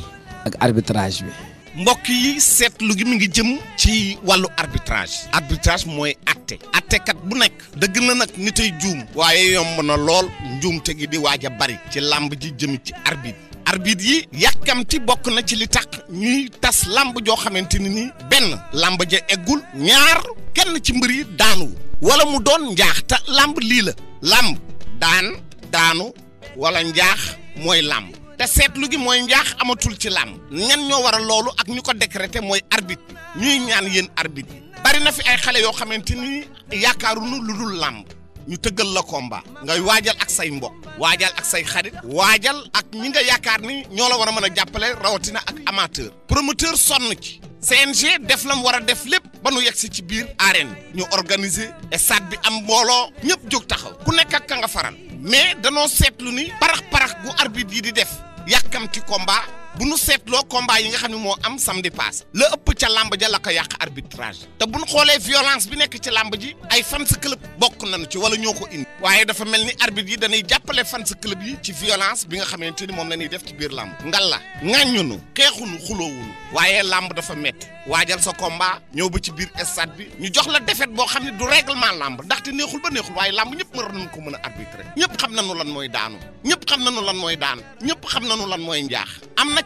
ak arbitrage bi mbokk yi seetlu gi mi ngi jëm ci wàllu arbitrage arbitrage mooy atte attekat bu nekk dëgg na nag nit ay juum waaye yomb na lool njuumte gi di waaj a bari ci làmb ji jëm ci arbitre arbit yi yàkkamti bokk na ci li tax ñuy tas làmb joo xamante ni ni benn làmb ja eggul ñaar kenn ci mbër yi daanu wala mu doon njaax làmb lii la làmb daan daanu wala njaax mooy làmb te seetlu gi mooy njaax amatul ci làmb ñan ñoo waral loolu ak ñu ko décrété mooy arbitre ñuy ñaan yéen arbitre yi bari na fi ay xale yoo xamante ni yaakaarunu lu dul làmb ñu tëggal la combat ngay waajal ak say mbokk waajal ak say xarit waajal ak ñi nga yaakaar ni ñoo la war a mën a jàppale rawatina ak amateur promoteur sonn ci CNG def lam war a def lépp ba nu yegg si ci biir arène ñu organiser stade bi am mbooloo ñëpp jóg taxaw ku nekk ak ka nga faral mais danoo seetlu ni parax parax gu arbitre yi di def yàkkamti combat bu nu seetloo combat yi nga xam ne moo am samedi passé la ëpp ca làmb ja la ko yàq arbitrage te bu nu xoolee violence bi nekk ci làmb ji ay fans club bokk nañu ci wala ñoo ko indi waaye dafa mel ni arbitre yi dañuy jàppale sa club yi ci violence bi nga xamante ni moom la ñuy def ci biir làmb ngal la ŋàññunu xeexunu xuloowunu waaye làmb dafa metti waajal sa combat ñëw ba ci biir stade bi ñu jox la défaite boo xam ne du règlement làmb ndaxte neexul ba neexul waaye làmb ñëpp mën nañu ko mën a arbitrer ñëpp xam nañu lan mooy daanu ñëpp xam nañu lan mooy daan ñëpp xam nañu lan mooy njaax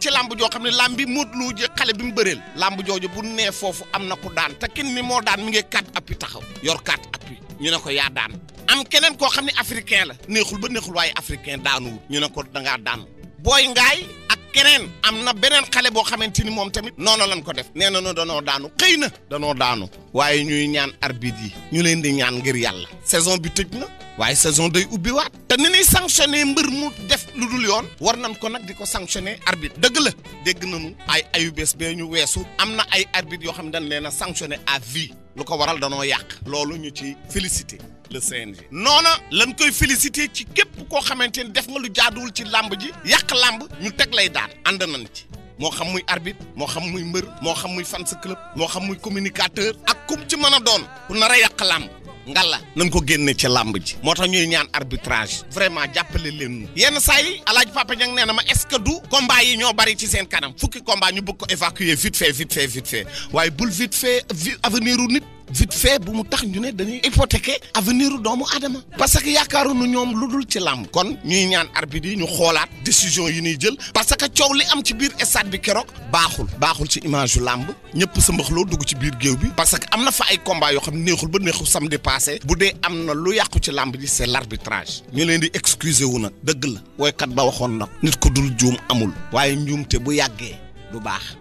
ci làmb joo xam ne làmb bi Modou Lo ji xale bi mu bëreel làmb jooju bu nee foofu am na ku daan te kin ni moo daan mi ngi quatre appuis taxaw yor quatre appuis ñu ne ko yaa daan am keneen koo xam ne africain la neexul ba neexul waaye africain daanu ñu ne ko dangaa daan booy ngaay ak keneen am na beneen xale boo xamante ni moom tamit noonu lan ko def nee na danoo daanu xëy na danoo daanu waaye ñuy ñaan arbitre yi ñu leen di ñaan ngir yàlla saison bi tëj na waaye te ni mbër mu def lu dul yoon war nañ ko nag di ko sanctionné arbitre dëgg la dégg nañu ay ayubés bee ñu weesu am na ay arbitre yoo xam ne dañ leen a sanctionné à vie lu ko waral danoo yàq loolu ñu ci félicité le CNG noona lan koy félicité ci képp koo xamante ni def nga lu jaaduwul ci làmb ji yàq làmb ñu teg lay daan ànd nañ ci moo xam muy arbit moo xam muy mbër moo xam muy fans club moo xam muy communicateur ak kum ci mën a doon ku nar a yàq làmb ngalla nañ ko génne ca làmb ji moo tax ñuy ñaan arbitrage vraiment jàppale leen yenn saa yi alaaji papa ñang nee na ma est-ce que du combat yi ñoo bari ci seen kanam fukki combat ñu bëgg ko évacuer vite fait vite waaye bul vite fait avenir nit vite fait bu mu tax ñu ne dañuy hypothéquer aveniru doomu aadama parce que yaakaaru nu ñoom lu dul ci làmb kon ñuy ñaan arbitre yi ñu xoolaat décision yi ñuy jël parce que coow li am ci biir stade bi keroog baaxul baaxul ci image yu làmb ñëpp sa mbaxloo dugg ci biir géew bi parce que am na fa ay combat yoo xam neexul ba neexul samedi passé bu dee am na lu yàqu ci làmb ji c'est l'arbitrage ñu leen di excuser wu nag dëgg la woykat ba waxoon na nit ko dul juum amul waaye njuumte bu yàggee du baax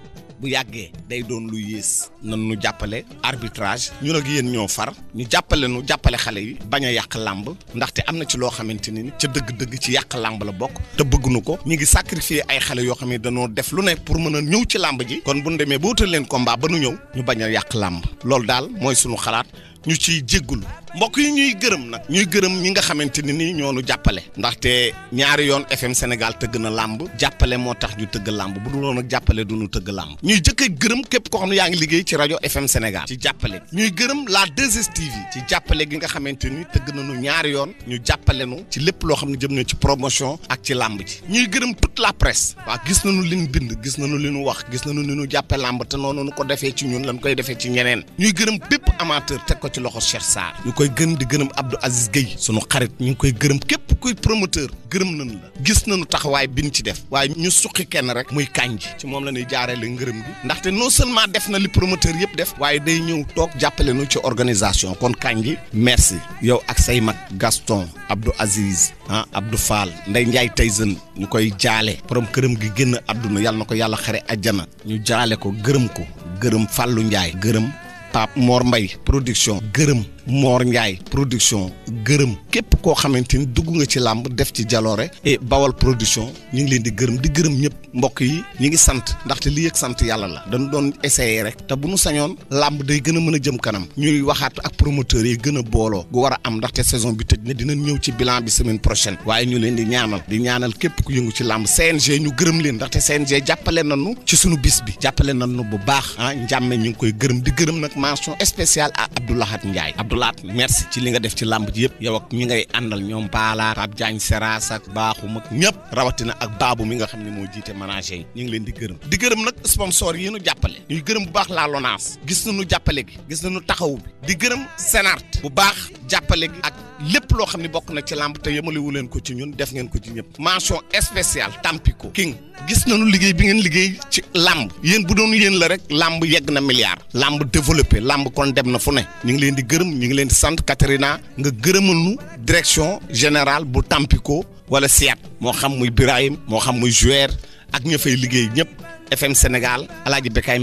bu yàggee day doon lu yées nan nu jàppale arbitrage ñu ak yéen ñoo far ñu jàppale nu jàppale xale yi bañ a yàq làmb ndaxte am na ci loo xamante ni ca dëgg-dëgg ci yàq làmb la bokk te bëgguñu ko ñu ngi sacrifier ay xale yoo xam ne dañoo def lu ne pour mën a ñëw ci làmb ji kon bu nu demee ba wutal leen combat ba nu ñëw ñu bañ a yàq làmb loolu daal mooy sunu xalaat ñu ci jéggulu mbokk yi ñuy gërëm nag ñuy gërëm ñi nga xamante ni nii ñoo nu jàppale ndaxte ñaari yoon FM Sénégal tëgg na làmb jàppale moo tax ñu tëgg làmb bu du ak jàppale du ñu tëgg làmb ñuy jëkk gërëm képp koo xam ne yaa ngi liggéey ci rajo FM Sénégal ci jàppale ñuy gërëm la 2STV ci jàppale gi nga xamante ni tëgg na nañu ñaari yoon ñu jàppale nu ci lépp loo xam ne jëm na ci promotion ak ci làmb ji ñuy gërëm toute la presse waaw gis nañu li ñu bind gis na nañu li ñu wax gis nañu li ñu jàppe làmb te noonu nu ko defee ci ñun lañ koy defee ci ñeneen ñuy gërëm bépp amateur ko ci loxo Cheikh Sarr ñu koy gën di gërëm Abdou Aziz Guèye sunu xarit ñu ngi koy gërëm képp kuy promoteur gërëm nañu la gis nañu taxawaay bi ñu ci def waaye ñu suqi kenn rek muy Kandji ci moom la ñuy jaaree ngërëm gi ndaxte non seulement def na li promoteur yëpp def waaye day ñëw toog jàppale nu ci organisation kon Kandji merci yow ak say mag Gaston Abdou Aziz ah Abdou Fall Ndeye Ndiaye Tyson ñu koy jaale borom këram gi génn àdduna yàlla na ko yàlla xare àjjana ñu jaale ko gërëm ko gërëm Fallou Ndiaye gërëm Pape Mor Mbaye production gërëm Mor Ndiaye production gërëm képp koo xamante ni dugg nga ci làmb def ci jaloore bawal production ñu ngi leen di gërëm di gërëm ñëpp mbokk yi ñu ngi sant ndaxte li yëg sant yàlla la dañu doon essayer rek te bu ñu sañoon làmb day gën a mën a jëm kanam ñuy waxaat ak promoteurs yi gën a booloo gu war a am ndaxte saison bi tëj na dinañ ñëw ci bilan bi semaine prochaine waaye ñu leen di ñaanal di ñaanal képp ku yëngu ci làmb CNG ñu gërëm leen ndaxte CNG jàppale nañu ci sunu bis bi jàppale nañu bu baax ah njàmme ñu ngi koy gërëm di gërëm nag mention spéciale à Abdoulahat Ndiaye abdulaat merci ci li nga def ci làmb ji yëpp yow ak ñi ngay àndal ñoom Pala Pape Diagne Seras ak baaxum ak rawatina ak baabu mi nga xam ne moo jiite manager yi ñu ngi leen di gërëm di gërëm nag sponsor yi ñu jàppale ñuy gërëm bu baax la LONASE gis nañu jàppale gi gis nañu taxaw bi di gërëm Sénart bu baax jàppale gi ak lépp loo xam ne bokk na ci làmb te yemalewu leen ko ci ñun def ngeen ko ci ñëpp mention spéciale Tampico King gis nañu liggéey bi ngeen liggéey ci làmb yéen bu doon yéen la rek làmb yegg na milliard làmb développé làmb kon dem na fu ne ñu ngi leen di gërëm ñu ngi leen di sant Katerina nga gërëmal nu direction générale bu Tampico wala Siat moo xam muy Birahim moo xam muy joueur ak ña liggéey ñëpp FM Sénégal El Hadj Bekay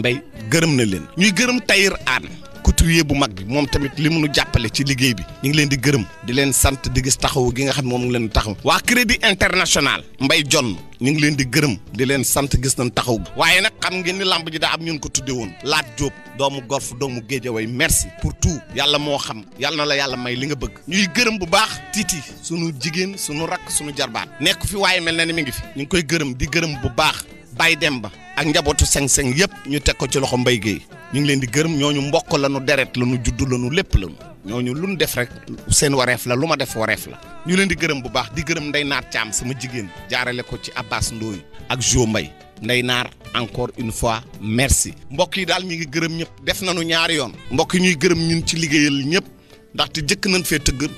gërëm na leen ñuy gërëm Tayir Anne couturier bu mag bi moom tamit li mu nu jàppale ci liggéey bi ñu ngi leen di gërëm di leen sant di gis taxawu gi nga xam ne ngi leen taxaw waa crédit international mbay jonn ñu ngi leen di gërëm di leen sant gis nañ taxaw gi waaye nag xam ngeen ni lamb ji daa am ñun ko tudde woon laat jóob doomu Golf doomu Géejawaay merci pour tout yàlla moo xam yàlla na la yàlla may li nga bëgg ñuy gërëm bu baax tiiti suñu jigéen suñu rakk suñu jarbaat nekk fi waaye mel na ni mi ngi fi ñu ngi koy gërëm di gërëm bu baax bay dem ba ak njabootu seng-seng yëpp ñu teg ko ci loxo mbay géey ñu ngi leen di gërëm ñoo ñu mbokk la nu deret la nu judd lépp la ñoo ñu lu nu def rek seen wareef la lu ma def wareef la ñu leen di gërëm bu baax di gërëm nday naar caam sama jigéen jaarale ko ci Abbas Ndooy ak Jo Mbay nday naar encore une fois merci mbokk yi daal ñu ngi gërëm ñëpp def na nañu ñaari yoon mbokk yi ñuy gërëm ñun ci liggéeyal ñëpp ndaxte jëkk nañ fee tëgg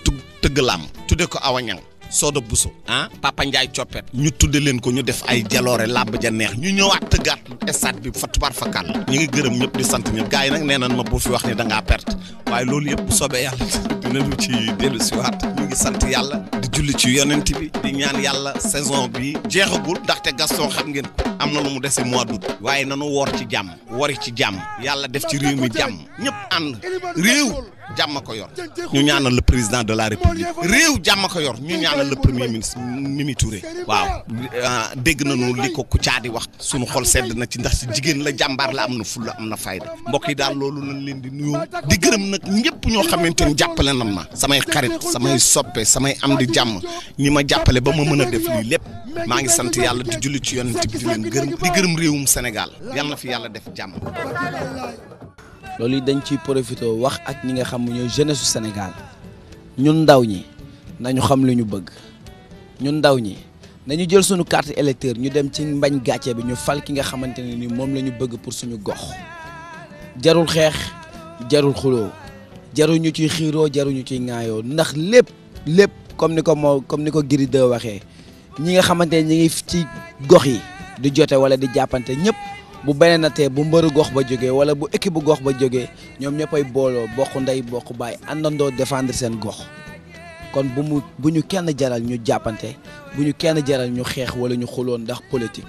tëgg làmm tudde ko awañang Soda Bousso ah Papa Ndiaye coppet ñu tudde leen ko ñu def ay jaloore làmb ja neex ñu ñëwaat tëggaat stade bi fa tubaar fa kàll ñu ngi gërëm ñëpp di sant ñëpp gars yi nag nee nañ ma boo fi wax ne da ngaa perte waaye loolu yëpp bu soobee yàlla dinañu ci si siwaat ñu ngi sant yàlla di julli ci yonent bi di ñaan yàlla saison bi jeexagul ndaxte Gaston xam ngeen ko am na lu mu dese mois d'août waaye nanu woor ci jàmm wori ci jàmm yàlla def ci réew mi jàmm ñëpp ànd jàmm ko yor ñu ñaanal la président de la république réew jàmm ko yor ñu ñaanal le premier ministre Mimi Touré waaw ah, dégg na nu li ko ku caadi wax sunu xol sedd na ci ndax si jigéen la jàmbaar la am na ful la am na fayda mbokk yi daal loolu lañ leen di nuyoo di gërëm nag ñëpp ñoo xamante ni jàppale na ma samay xarit samay soppe samay am di jàmm ñi ma jàppale ba ma mën a def lii lépp maa ngi sant yàlla di jullit ci yonent bi di leen gërëm di gërëm réewum Sénégal yal fi yàlla def jàmm loolu dañ ciy profité wax ak ñi nga xam ñooy jeunesse su ñun ndaw ñi nañu xam li ñu bëgg ñun ndaw ñi nañu jël suñu carte électeur ñu dem ci mbañ gàcce bi ñu fal ki nga xamante ne ni moom la ñu bëgg pour suñu gox jarul xeex jarul xuloo jarul ñu ciy xiiroo jarul ñu ciy ŋaayoo ndax lépp lépp comme ni ko moo comme ni ko Gris 2 waxee ñi nga xamante ne ñi ngi ci gox yi di jote wala di jàppante ñëpp. bu beneen atee bu mbëru gox ba jógee wala bu équipe bu gox ba jógee ñoom ñëppay booloo bokk ndey bokk bàyyi àndandoo défendre seen gox kon bu mu bu ñu kenn jaral ñu jàppante bu ñu kenn jaral ñu xeex wala ñu xuloon ndax politique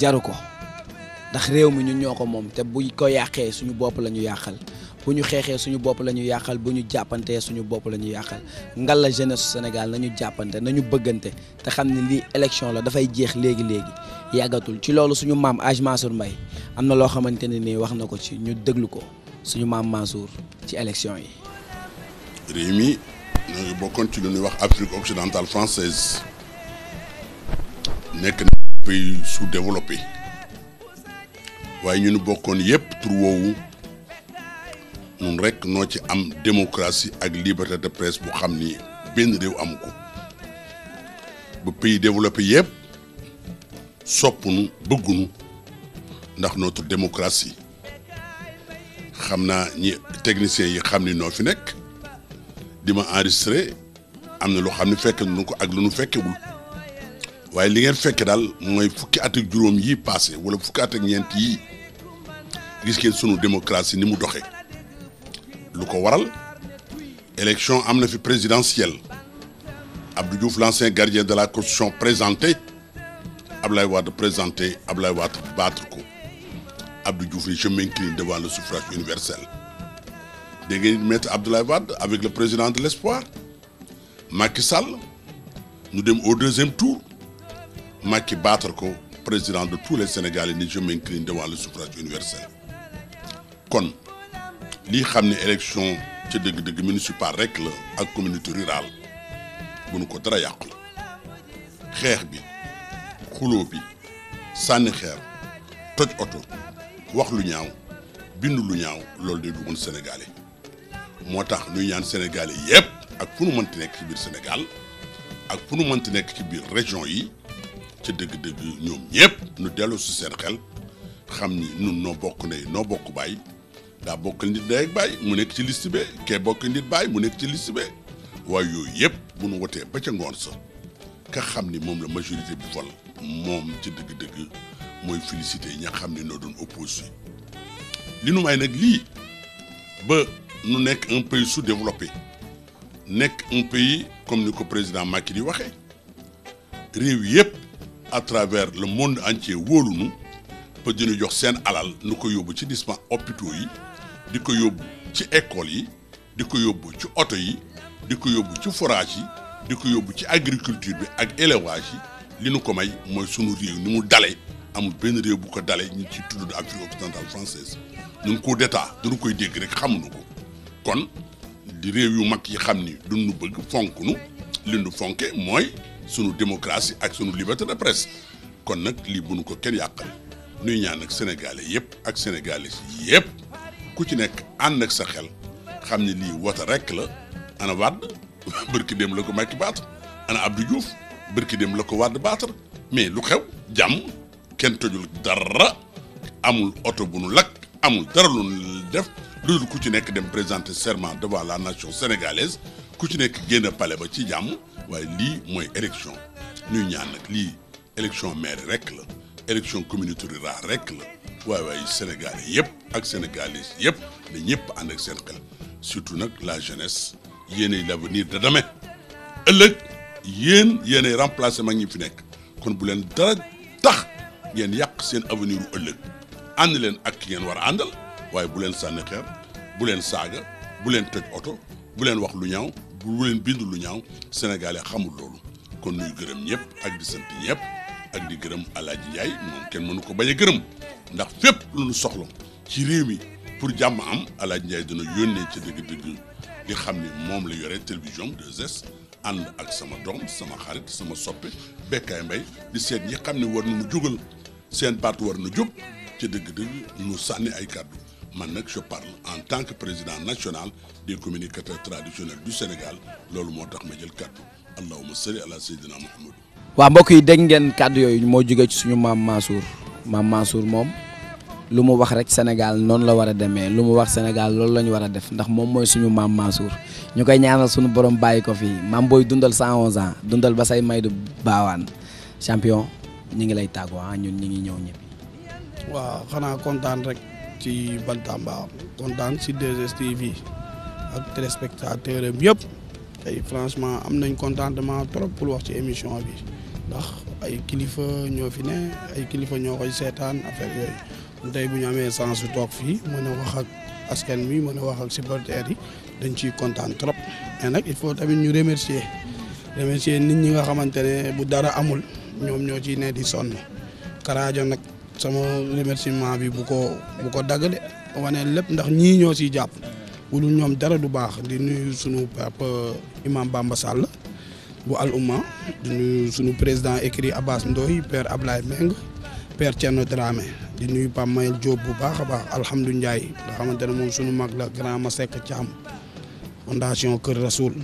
jaru ko ndax réew mi ñu ñoo ko moom te bu ko yàqee suñu bopp la ñu yàqal bu ñu xeexee suñu bopp la ñu yàqal bu ñu jàppantee suñu bopp la ñu yàqal ngala la jeunesse Sénégal nañu jàppante nañu bëggante te xam ne lii élection la dafay jeex léegi léegi yàggatul ci loolu suñu maam Hadj Mansour mbay am na loo xamante ne nii wax na ko ci ñu déglu ko suñu maam Mansour ci élection yi. réew mi ñu bokkoon ci lu ñuy wax Afrique occidentale française nekk na pays sous-développé waaye ñun bokkoon yëpp tur nun rek noo ci am démocratie ak liberté de presse bu xam ni benn réew amu ko bu pays développé yëpp soppunu bëggunu ndax notre démocratie xam naa ñi techniciens yi xam ni noo fi nekk di ma enristre am na loo xam ne fekke nañu ko ak lu nu fekkewul waaye li ngeen fekke daal mooy fukki at ak juróom yi passé wala fukki at ak ñeent yii gis ngeen sunu démocratie ni mu doxee lu ko waral élection am na fi présidentielle Abdou Diouf l'ancien gardien de la constitution présenté Ablaye Wade présenté Ablaye Wade battre ko Abdou Diouf ni je m'incline devant le suffrage universel dégg ngeen maître Abdoulaye Wade avec le président de l'espoir Macky Sall ñu dem au deuxième tour Macky battre ko président de tous les Sénégalais ni je m'incline devant le suffrage universel kon lii xam ne élection ca dëgg-dëgg municipal rek la ak communauté rurale bu nu ko dara yàqu xeex bi xuloo bi sànni xeer toj oto wax lu ñaaw bind lu ñaaw loolu de du mën sénégalais moo tax ñuy ñaan sénégalais yépp ak fu nu mënti nekk ci biir Sénégal ak fu nu mënti nekk ci biir région yi ca dëgg-dëgg ñoom ñépp nu dellu si seen xel xam ni nun noo bokk ndey noo bokk baay daa bokk nit ndey ak baay mu nekk ci liste be kee bokk nit baay mu nekk ci liste be waaye yooyu yëpp bu nu wotee ba ca ngoon sa ka xam ni moom la majorité bi fal moom ci dëgg-dëgg mooy félicité ña xam ni noo doon opposé li nu may nag lii ba nu nekk un pays su développé nekk un pays comme ni ko président Macky di waxee réew yëpp à travers le monde entier wóolu nu ba dina jox seen alal nu ko yóbbu ci dispensaires hôpitaux yi. di ko yóbbu ci école yi di ko yóbbu ci oto yi di ko yóbbu ci forage yi di ko yóbbu ci agriculture bi ak élevage yi li nu ko may mooy sunu réew ni mu dalee amul benn réew bu ko dalee ñu ci tudd Afrique occidentale française ñun coup d'état dañu koy dégg rek xamuñu ko kon di réew yu mag yi xam ni duñu bëgg fonk li nu fonke mooy sunu démocratie ak sunu liberté de presse kon nag lii bu nu ko kenn yàqal nuy ñaan ak sénégalais yëpp ak sénégalais yëpp ku ci nekk ànd ak sa xel xam ne lii wote rek la ana Wade bërki dem la ko Macky baatar ana Abdou Diouf bërki dem la ko Wade baatar mais lu xew jàmm kenn tojul dara amul oto bu nu lakk amul dara lu nu def loolu ku ci nekk dem présenter serment devant la nation sénégalaise ku ci nekk génn pale ba ci jàmm waaye lii mooy élection ñuy ñaan nag lii élection maire rek la élection communauté rurale rek la waay waay Sénégalais yëpp ak sénégalaises yëpp ne ñëpp ànd ak seen xel surtout nag la jeunesse yéenay l'avenir de demain ëllëg yéen yéenay remplacer mag ñi fi nekk kon bu leen dara tax ngeen yàq seen avenir u ëllëg ànd leen ak ki ngeen war a àndal waaye bu leen sànni xeer bu leen saaga bu leen toj oto bu leen wax lu ñaaw bu leen bind lu ñaaw sénégalais xamul loolu kon nuy gërëm ñëpp ak di sant ñëpp. ak di gërëm Alaaji Njaay moom kenn mënu ko bañ a gërëm ndax fépp lu nu soxla ci réew mi pour jàmm am Alaaji Njaay dina yónnee ca dëgg-dëgg li xam ni moom la yore télévision 2S ànd ak sama doom sama xarit sama soppe Bekkaay Mbay di seet ñi xam ne war na mu jógal seen baat war na jóg ca dëgg-dëgg mu sànni ay kàddu man nag je parle en tant que président national des communicateurs traditionnels du Sénégal loolu moo tax ma jël kàddu allahuma salli ala sayyidina muhammad waa mbokk yi dégg ngeen kàddu yooyu moo jógee ci suñu maam Mansour maam Mansour moom lu mu wax rek Sénégal noonu la war a demee lu mu wax Sénégal loolu la ñu war a def ndax moom mooy suñu maam Mansour ñu koy ñaanal suñu borom bàyyi ko fii maam booy dundal 111 ans dundal ba say may du baawaan champion ñu ngi lay tàggoo ah, ñun ñu ngi ñëw ñëpp. waaw xanaa kontaan rek ci Bantamba kontaan ci 2STV ak téléspectateur am yëpp tey franchement am nañ contentement trop pour wax ci émission bi. ndax ay kilifa ñoo fi ne ay kilifa ñoo koy seetaan affaire yooyu tey bu ñu amee chance su toog fii mën wax ak askan wi mën a wax ak yi dañ ciy kontaan trop. nag il faut tamit ñu remercier remercier nit ñi nga xamante ne bu dara amul ñoom ñoo ciy ne di sonn Karajo nag sama remerciement bi bu ko bu ko dagg de wane lépp ndax ñii ñoo ciy jàpp. wulul ñoom dara du baax di nuyu sunu papa Imam Bamba Sall. bu al umma di nuyu suñu président écrit Abbas Ndoye père Ablaye Meng père Thierno Dramé di nuyu Pape Mayel Diop bu baax a baax alhamdu Ndiaye nga xamante moom suñu mag la grand Masek Thiam fondation Kër Rasoul.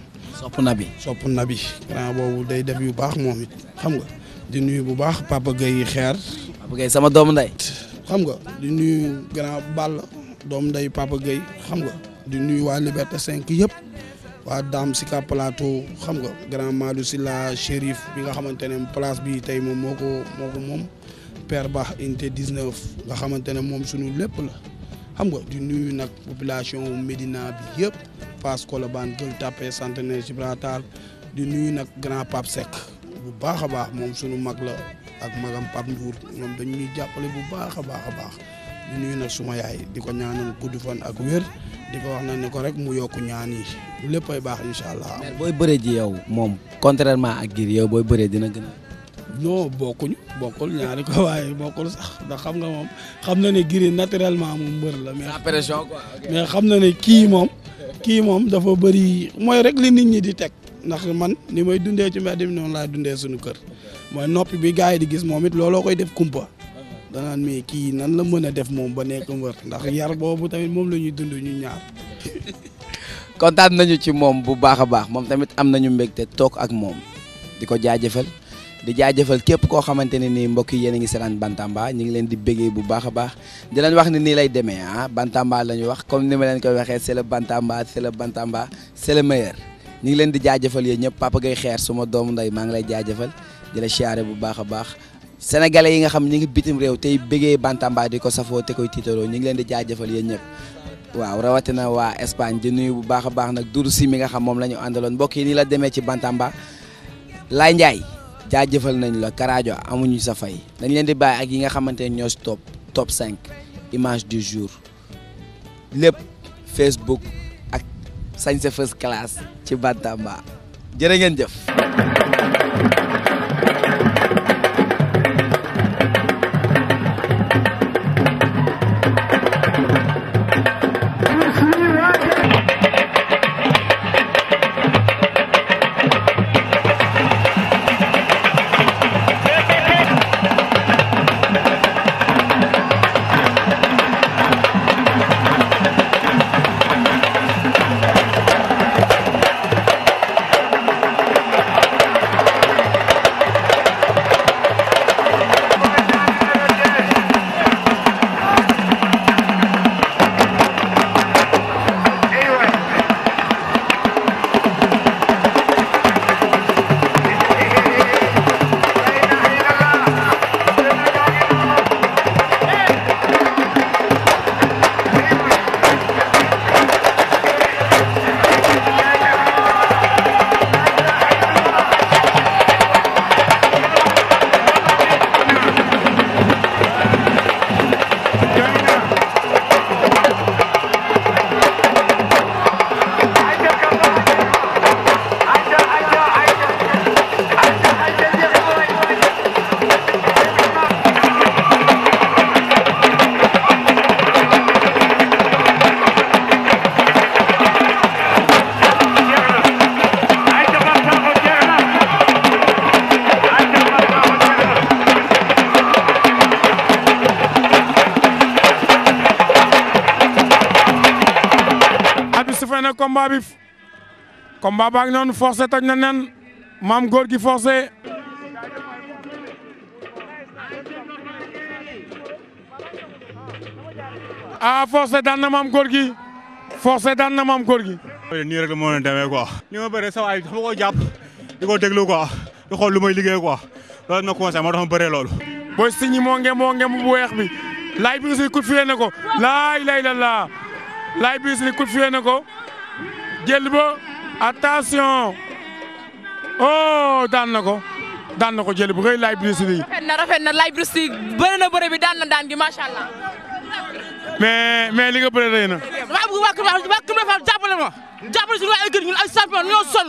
sopp nabi sopp nabi grand boobu day def yu baax moom it xam nga di nuyu bu baax Papa Gueye xeer. Papa Gueye sama doomu nday xam nga di nuyu grand Ball doom nday Papa Gueye xam nga di nuyu waa Liberté 5 yëpp. waa Dame Sika Plateau xam nga grand Malou Silla Chérif bi nga xamante ne place bi tey moom moo ko moo moom per Ba unité 19 nga xamante ne moom sunu lépp la xam nga di nuyu nag population Médina bi yëpp Fass Colobane Gueule Tapée Centenaire bratal di nuyu nag grand Pape Seck bu baax a baax moom sunu mag la ak magam Pape Ndour ñoom dañuy jàppale bu baax a baax a baax. di nuyu nag suma yaay di ko ñaanal gudd fan ak wér di ko wax na ne ko rek mu yokk ñaan yi léppay baax incha allah. mais booy bëree ji yow moom contrairement ak Gris yow booy bëree dina gën a. non bokkuñu bokkul ñaari ko waaye bokkul sax ndax xam nga moom xam na ne Gris naturellement moom mbër la mais. pression mais xam na ne kii moom. kii moom dafa bëri mooy rek li nit ñi di teg ndax man ni may dundee ci mbedd mi noonu laay dundee suñu kër mooy noppi bi gars yi di gis moom it looloo koy def kumpa. danaan mais kii nan la mën a def moom ba nekk mbër ndax yar boobu tamit moom la ñuy dund ñu ñaar. kontaan nañu ci moom bu baax a baax moom tamit am nañu mbégte toog ak moom di ko jaajëfal di jaajëfal képp koo xamante ne nii mbokk yi yéen a ngi seetaan Bantamba ñu ngi leen di béggee bu baax di leen wax ni nii lay demee ah Bantamba la ñu wax comme ni ma leen koy waxee c'est le Bantamba c'est le Bantamba c'est le ngi leen di jaajëfal ñëpp Papa Gueye Xeer suma doomu ndey maa ngi lay jaajëfal di la siyaare bu baax a baax. sénégalais yi nga xam ñu ngi bitim réew tey bëggee bantamba di ko safoo te koy tiitaroo ñu ngi leen di jaajëfal yéen ñëpp waaw rawatina waa Espagne di nuyu bu baax a baax nag Doudou mi nga xam moom la ñu àndaloon mbokk yi nii la demee ci bantamba Laye Ndiaye jaajëfal nañ la Karajo amuñu sa fay dañ leen di bàyyi ak yi nga xamante ne ñoo si topp top 5 image du jour lépp Facebook ak sañse first class ci bantamba jërë ngeen jëf combat baa ngi noonu forcé toj na nen maam góor gi forcé ah forcé na maam góor gi forcé daan na maam góor gi. nii rek la moo leen demee quoi. ma bëree sa waay ko jàpp di ko déglu quoi di xool lu may liggéey quoi loolu nag conseil ma tax ma loolu. booy signe moo nge moo nge bu bi laay bi aussi coup de filet ko laay lay la laa laay bi aussi coup de ko jël ba attention oh daan na ko daan na ko jëli bu rëy Laye Bruce Lee. na rafet na Laye na bëri bi daan na daan gi macha allah. mais mais li nga bëri rëy na. waaw bu baax waa waa Kër Mbaye ma jàppale ñun ay champion ñoo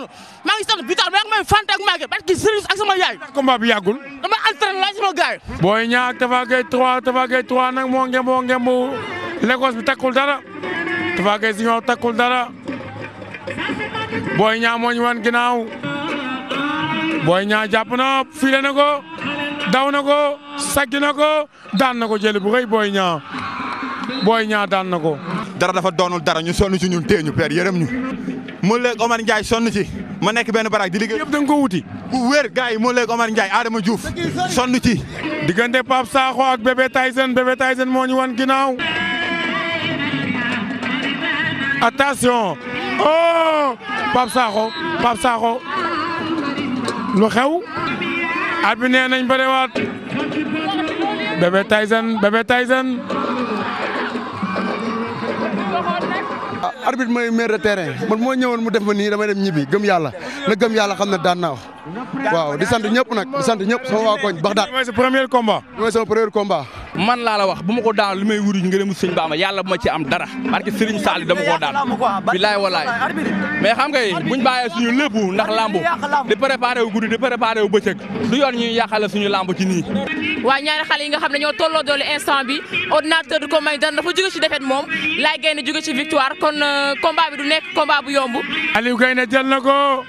maa ngi sant bi tax maa ngi may fànte ak maa ngi parce que service ak sama yaay. combat bi yàggul. dama entraîné laaj sama gars booy ñaar ak Tafa Gueye 3 Tafa Gueye 3 nag moo ngemb moo ngemb Lagos bi takkul dara Tafa Gueye si ñoo dara. Boy Niang moo ñu wan ginnaaw Boy Niang jàpp na file na ko daaw na ko saggi na ko daan na ko jëli bu rëy Boy Niang Boy Niang daan na ko. dara dafa doonul dara ñu sonn ci ñun téye ñu père yërëm ñu. mu léegi Omar Ndiaye sonn ci ma nekk benn baraak di liggéey. yëpp da nga ko wuti. bu wér gars yi mu léegi Omar Ndiaye Adama Diouf sonn ci. diggante Pape Sakho ak Bébé Tyson Bébé Tyson moo ñu wan ginnaaw. Pape Sakho Pape Sakho lu xew at bi nee nañ bëriwaat Bébé Tyson Bébé Tyson ah, arbitre mooy maire de terrain man moo ñëwoon mu def ma nii dama dem ñibbi gëm yàlla na gëm yàlla xam na daan naa waaw di sant ñëp nag di sant ñëpp sama waa koñ Baxdaat. mooy sa premier combat. mooy sama premier combat. man laa la wax bu ma ko daan li may wuri ñu ngërëmu sëñ Bamba yàlla bu ma ci am dara barke Serigne Sall dama koo daan bilaay walaay mais xam nga buñ bàyyee suñu lépp ndax lambu di préparé wu guddi di préparé wu bëccëg du yoon ñuy yàqale suñu lamb ci nii waa ñaari xale yi nga xam ne ñoo tolloo doole instant bi ordinateur du ko may dara dafa jóge ci défaite moom laay gaynde jóge ci victoire kon euh, combat bi du nekk combat bu yomb Aliou Gaynde jël na ko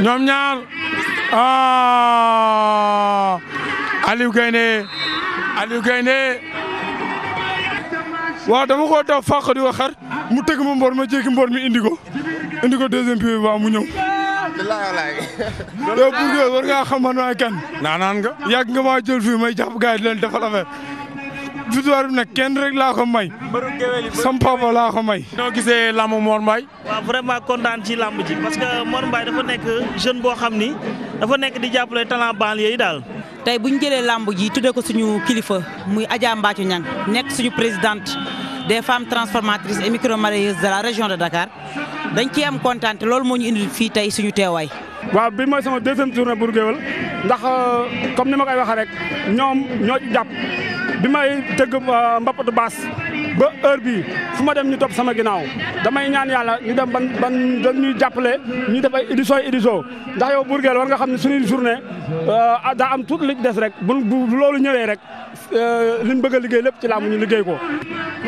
ñoom ñaar ah, Aliou Gaynde Aliou Gueye ne dama ko daw fàq di xar mu tëgg ma mbor ma jéggi mbor mi indi ko indi ko deuxième mu ñëw. yow pour que war ngaa xam man maay kan. naanaan nga. yàgg nga maa jël fii may jàpp gars yi di leen defal affaire. victoire nag kenn rek laa ko may. sam papa laa ko may. noo gisee lamb Mor Mbaye. waaw vraiment kontaan ci lamb ji parce que Mor Mbaye dafa nekk jeune boo xam ni dafa nekk di jàpple talent banlieue yi daal. tey bu ñu jëlee làmb ji tuddee ko suñu kilifa muy Adja Mbathio Niang nekk suñu présidente des femmes transformatrice et micromareyeuses de la région de Dakar dañ ci am kontaan loolu moo ñu indi fii tey suñu teewaay. waaw bi mooy sama deuxième journée pour Géwal ndax euh, comme ni ma koy waxee rek ñoom ñoo ci jàpp bi may tëgg euh, mbappatu baas. ba heure bii fu ma dem ñu topp sama ginnaaw damay ñaan yàlla ñu dem ban ban dañuy jàppale ñu def ay édition édition ndax yow Bour Gueweul war nga xam ne suñuy journée euh, daa am tuuti li des rek bu loolu ñëwee rek Euh, liñ bëgg a liggéey lépp ci làmb ñu liggéey ko.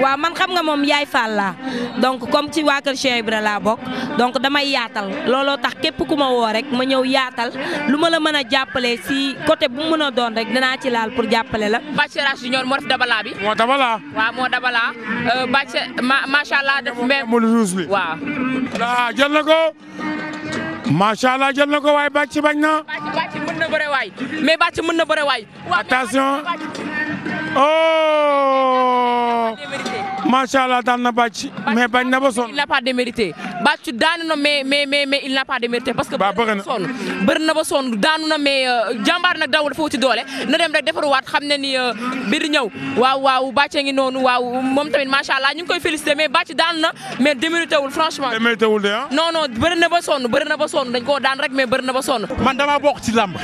waaw man xam nga moom yaay Fall laa donc comme ci waa Kër Cheikh Ibra laa bokk donc damay yaatal looloo tax képp ku ma woo rek ma ñëw yaatal lu ma la mën a jàppale si côté bu mu mën a doon rek dinaa ci laal pour jàppale la. Bathie Rache Junior moo def dabalaa bi. moo dabalaa. waaw moo dabalaa euh, Bathie ma macha allah. def même amul ruus bi waaw. ah bañ na. Bathie mën na bëre waay mais Bathie mën na bëre waay. attention. oh. macha allah daan na bàcc. mais bañ na ba sonn il n'a pas démérité bàcc daan na mais mais mais il n'a pas démérité parce que. bëri na sonn bëri na ba sonn daanu na mais euh, jàmbaar nag daw dafa wuti doole na dem rek waat xam ne ni euh, biir ñëw waaw waaw bàcce ngi noonu waaw moom tamit macha allah ñu koy félicité mais bàcc daan na mais démérité wul franchement. démérité wul de ah. non non bëri na ba sonn bëri na ba sonn dañ koo daan rek mais bëri na ba sonn. man dama bokk ci làmb. Ah.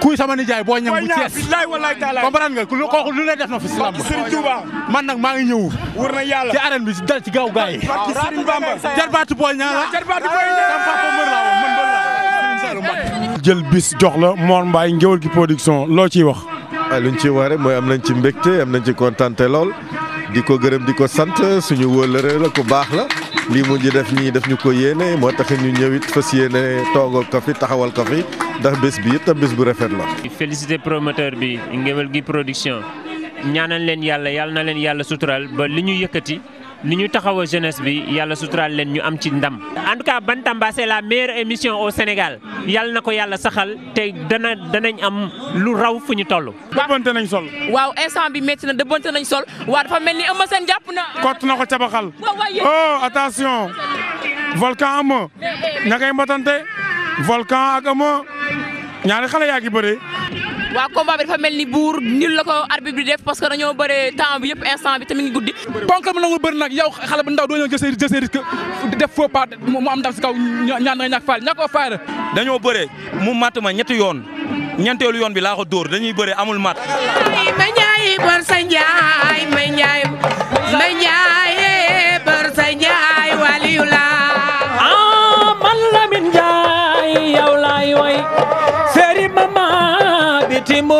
kuy sama nijaay boo ñam bu Cees billahi wallahi taala comprendre kooku lu lay def na fi si lamb Serigne man nag maa ngi ñëw wër na yàlla ci arène bi si dal ci gaaw gaay yi Serigne Bamba jarbaatu booy jël bis jox la Mor Mbaye Ngéwél gi production loo ciy wax waaw lu ñu ciy wax rek mooy am nañ ci mbégte am nañ ci kontaan lool di ko gërëm di ko sant suñu wóolëree la ku baax la lii mu ji def ñii def ñu ko yéene moo tax ñu ñëw it fas yéene toogal ko taxawal ko fi ndax bés bi it bés bu rafet la. félicité promoteur bi Ngéwél gi production ñaanal leen yàlla yal na leen yàlla sutural ba li ñu yëkkati. ni ñu taxaw a jeunesse bi yàlla suturaal leen ñu am ci ndam. en tout cas Bantamba c'est la meilleure émission au Sénégal yàlla na ko yàlla saxal te dana danañ am lu raw fu ñu toll. dëbbante nañ sol. waaw instant bi métti na dëbbante nañ sol waaw dafa mel ni am seen jàpp na. kott na ko cabaxal. oh attention. volcan ama eh. ña ngay mbatante volcan ak ama ñaari xale yaa ngi bëre. waaw combat bi dafa mel ni buur nil la ko bi def parce que dañoo bëre temps bi yëpp instant bi tamit ngi guddi ponkal mu la nga bëri nag yow xale bu ndaw doo ñëw jësee jësee risque def faux pas mu am ndam si kaw ñaan nga ñàkk faal ñàkkoo faal dañoo bëre mu matt ma ñetti yoon ñeenteelu yoon bi laa ko dóor dañuy bëre amul matt ma njaay bor sa njaay ma njaay ma njaay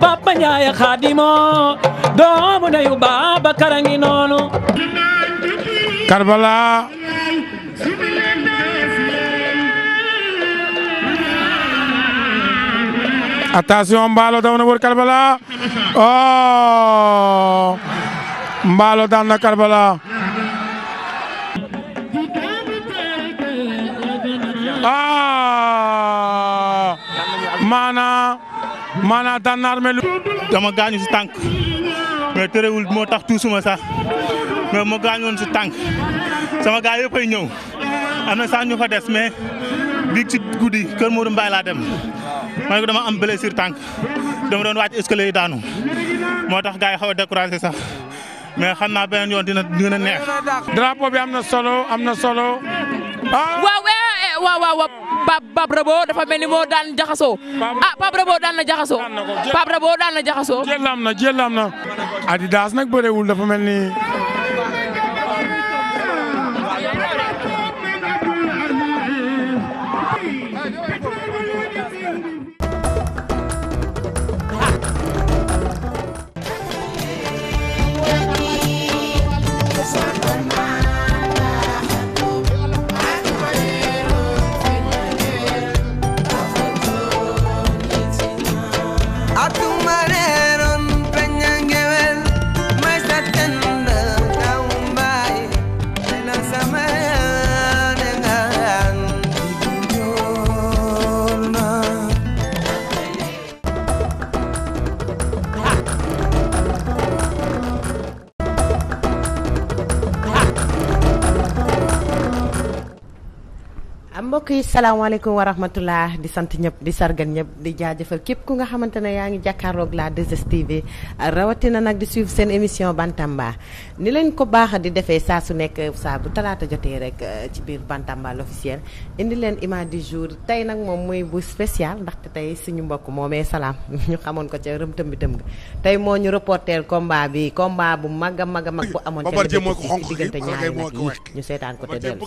Papa Ndiaye Xaadimo doomu ndeyu Babacar a ngi noonu. Karbala attention Mballo daw na wër Karbala oh Mballo daan na Karbala ah maana maanaam tànnaar melu. dama gaañu si tànk mais tërëwul moo tax tuusuma sax mais ma gaañoon si tànk sama gars yëpp ay ñëw am na sax ñu fa des mais biig ci guddi kër Modou Mbaye laa dem man dama am blessure tànk dama doon wàcc escalier yi daanu moo tax gars yi xaw a découragé sax mais xam naa beneen yoon dina gën a neex. drapeau bi am na solo am na solo. Ah! waaw waaw waaw. Pape Pape Rabo dafa mel ni moo daan jaxasoo. ah Pape Rabo daan na jaxasoo. Pape Rabo daan na jaxasoo. jéelaam na jéelaam na. Adidas nag bëreewul dafa mel ni. mbokk yi salaamaaleykum wa rahmatullah di sant ñëpp di sargal ñëpp di jaajëfal képp ku nga xamante ne yaa ngi jàkkaarloog la 2STV rawatina nag di suivre seen émission Bantamba ni leen ko baax di defee saa su nekk saa bu talaata jotee rek eh, ci biir Bantamba l'officiel indi leen image du jour tey nag moom muy bu spécial ndaxte tey suñu mbokk moomee salaam ñu xamoon ko ca rëm tëmbi tëm nga tey moo ñu reporter combat bi combat bu mag a mag a mag bu amoon ca diggante ñaari nag yi ñu seetaan ko te dellu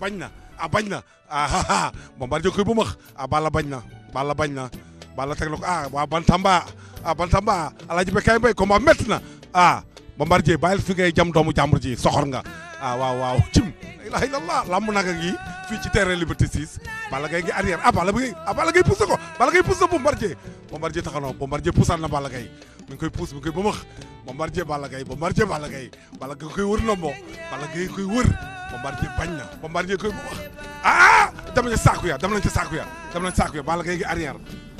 bañ na a bañ na ah, ah Bombardier koy bu max ah bañ na bala bañ na Balla teg na ko ah waa Bantamba ah Bantamba Alaaji Bekaay Mbay combat métti na ah Bombardier bàyyil fi ngay jam doomu jàmbur ji soxor nga ah waaw waaw cim ilaha illallah lamb naga ngi fii ci terrain Liberté 6 Balla Gaye ngi arrière ah Balla Gaye ah Balla Gaye pousse ko Balla Gaye pousse na Bombardier Bombardier taxaw na Bombardier poussaan na Balla Gaye mi ngi koy puus mi ngi koy bëmëx Bombardier Balla Gaye Bombardier Balla Gaye Balla Gaye koy wër ndombo Balla koy wër Bombardier bañ na Bombardier koy bëmëx ah dama ne saaku ya dama nañ ca saaku ya dama nañ saaku ya Balla Gaye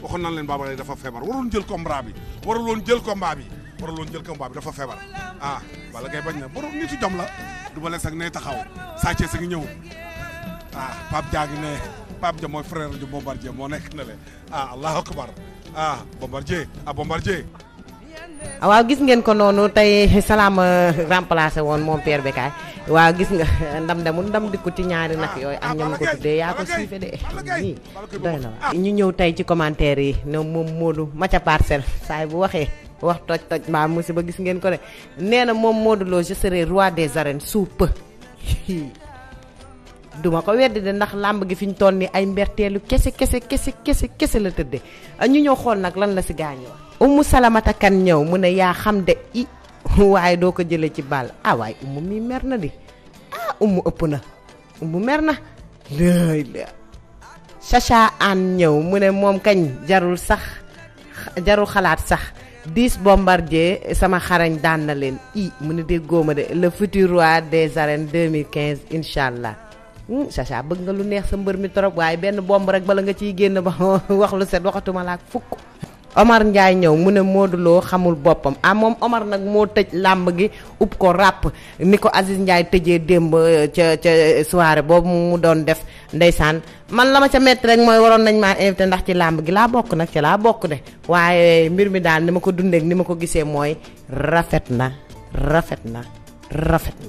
waxoon nan leen Balla Gaye dafa feebar waroon jël combat bi waroon jël combat bi waroon jël combat bi dafa feebar ah Balla bañ na borom nitu jom la du ma leen sax ne taxaw Sa Thiès ngi ñëw ah Pape Dia gi ne Pape Dia mooy frère ju Bombardier moo nekk na le ah allahu akbar ah a ah Bombardier waa gis ngeen ko noonu tey salaam remplacé woon moom Père waa gis nga ndam demul ndam dikku ci ñaari nag yooyu ak ñam ko tuddee yaa ko suive de nii doy na waa ñu ñëw tey ci commentaire yi ne moom Modou ma ca parcelle saay bu waxee wax toj toj mbaa ba gis ngeen ko de nee na moom Modou Lo je serai roi des arènes sous duma ko weddi de ndax làmb gi fi ñu toll ni ay mberteelu kese kese kese kese kese la tëdde ñu ñëw xool nag lan la si gaañoo umu salamata ñëw mu ne yaa xam de i waaye doo ko jëlee ci baal ah waaye umu mi mer na di ah umu ëpp na umu mer na lëy la sacha an ñëw mu ne moom kañ jarul sax jarul xalaat sax dix bombardier sama xarañ daan na leen i mu ne déggoo ma de le futur roi des arènes 2015 incha allah sacha bëgg nga lu neex sa mbër mi trop waaye benn bomb rek bala nga ciy génn ba wax lu set waxatuma laak fukk Omar Ndiaye ñëw mu ne moo Lo xamul boppam ah moom Omar nag moo tëj làmb gi ub ko ràpp ni ko Aziz njaay tëje démb euh, ca ca euh, soirée boobu mu doon def ndeysaan man la ma ca métti rek mooy waroon nañ maa invité ndax ci làmb gi laa bokk nag ca laa bokk de waaye mbir mi daal ni ma ko dundeek ni ma ko gisee mooy rafet na rafet na rafet na.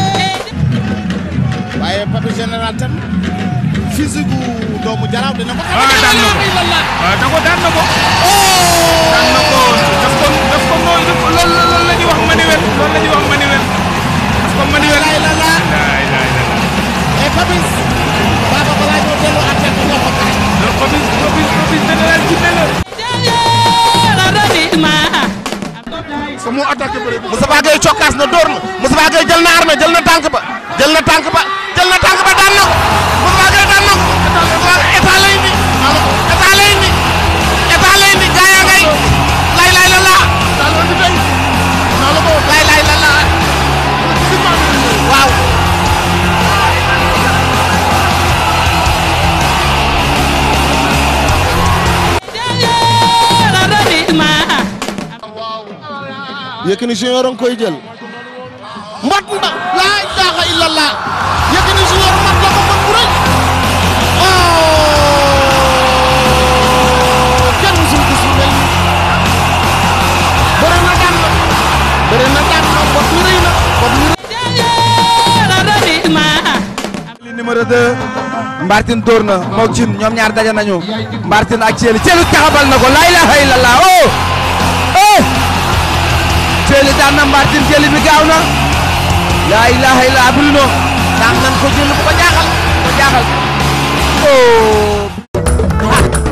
général tam physique gu doomu Jaraaf dina ko. waaw daan na ko waaw da ko daan na ko. daan na ko daf ko daf ko mooy loolu loolu la ñuy wax manuel loolu la ñuy wax manuel. daf ko manuel ay la la ay la la. et Papis. Papa balaa ñoo dellu ak teg ko ko kaay. Papis Papis Papis général ji ne la. sa moo attaqué bëre bi Moustapha cokkaas na door na Moustapha Gueye jël na arme jël na tànk ba jël na tànk ba jël na tànk ba daan na ko Moustapha Gueye daan na ko état lay indi état lay indi état ngay lay lay la laa Yékini Junior nga koy jël mbot mba laa ilaaha illallah Yékini Junior mbot la ko mbot bu oh. kenn musul gis lu mel bëre na daan na bëre na daan na mbot mi rëy na mbot mi rëy numéro 2 Mbartine dóor na moog Cine ñoom ñaar daje nañu Mbartine ak Thiel Thielu taxabal na ko laa ilaaha illallah oh Sely daan na Mbaar Tine jëli bi gaaw na laa ilaaha illa abulno daan nan ko jël bu ko jaaxal ko jaaxal oh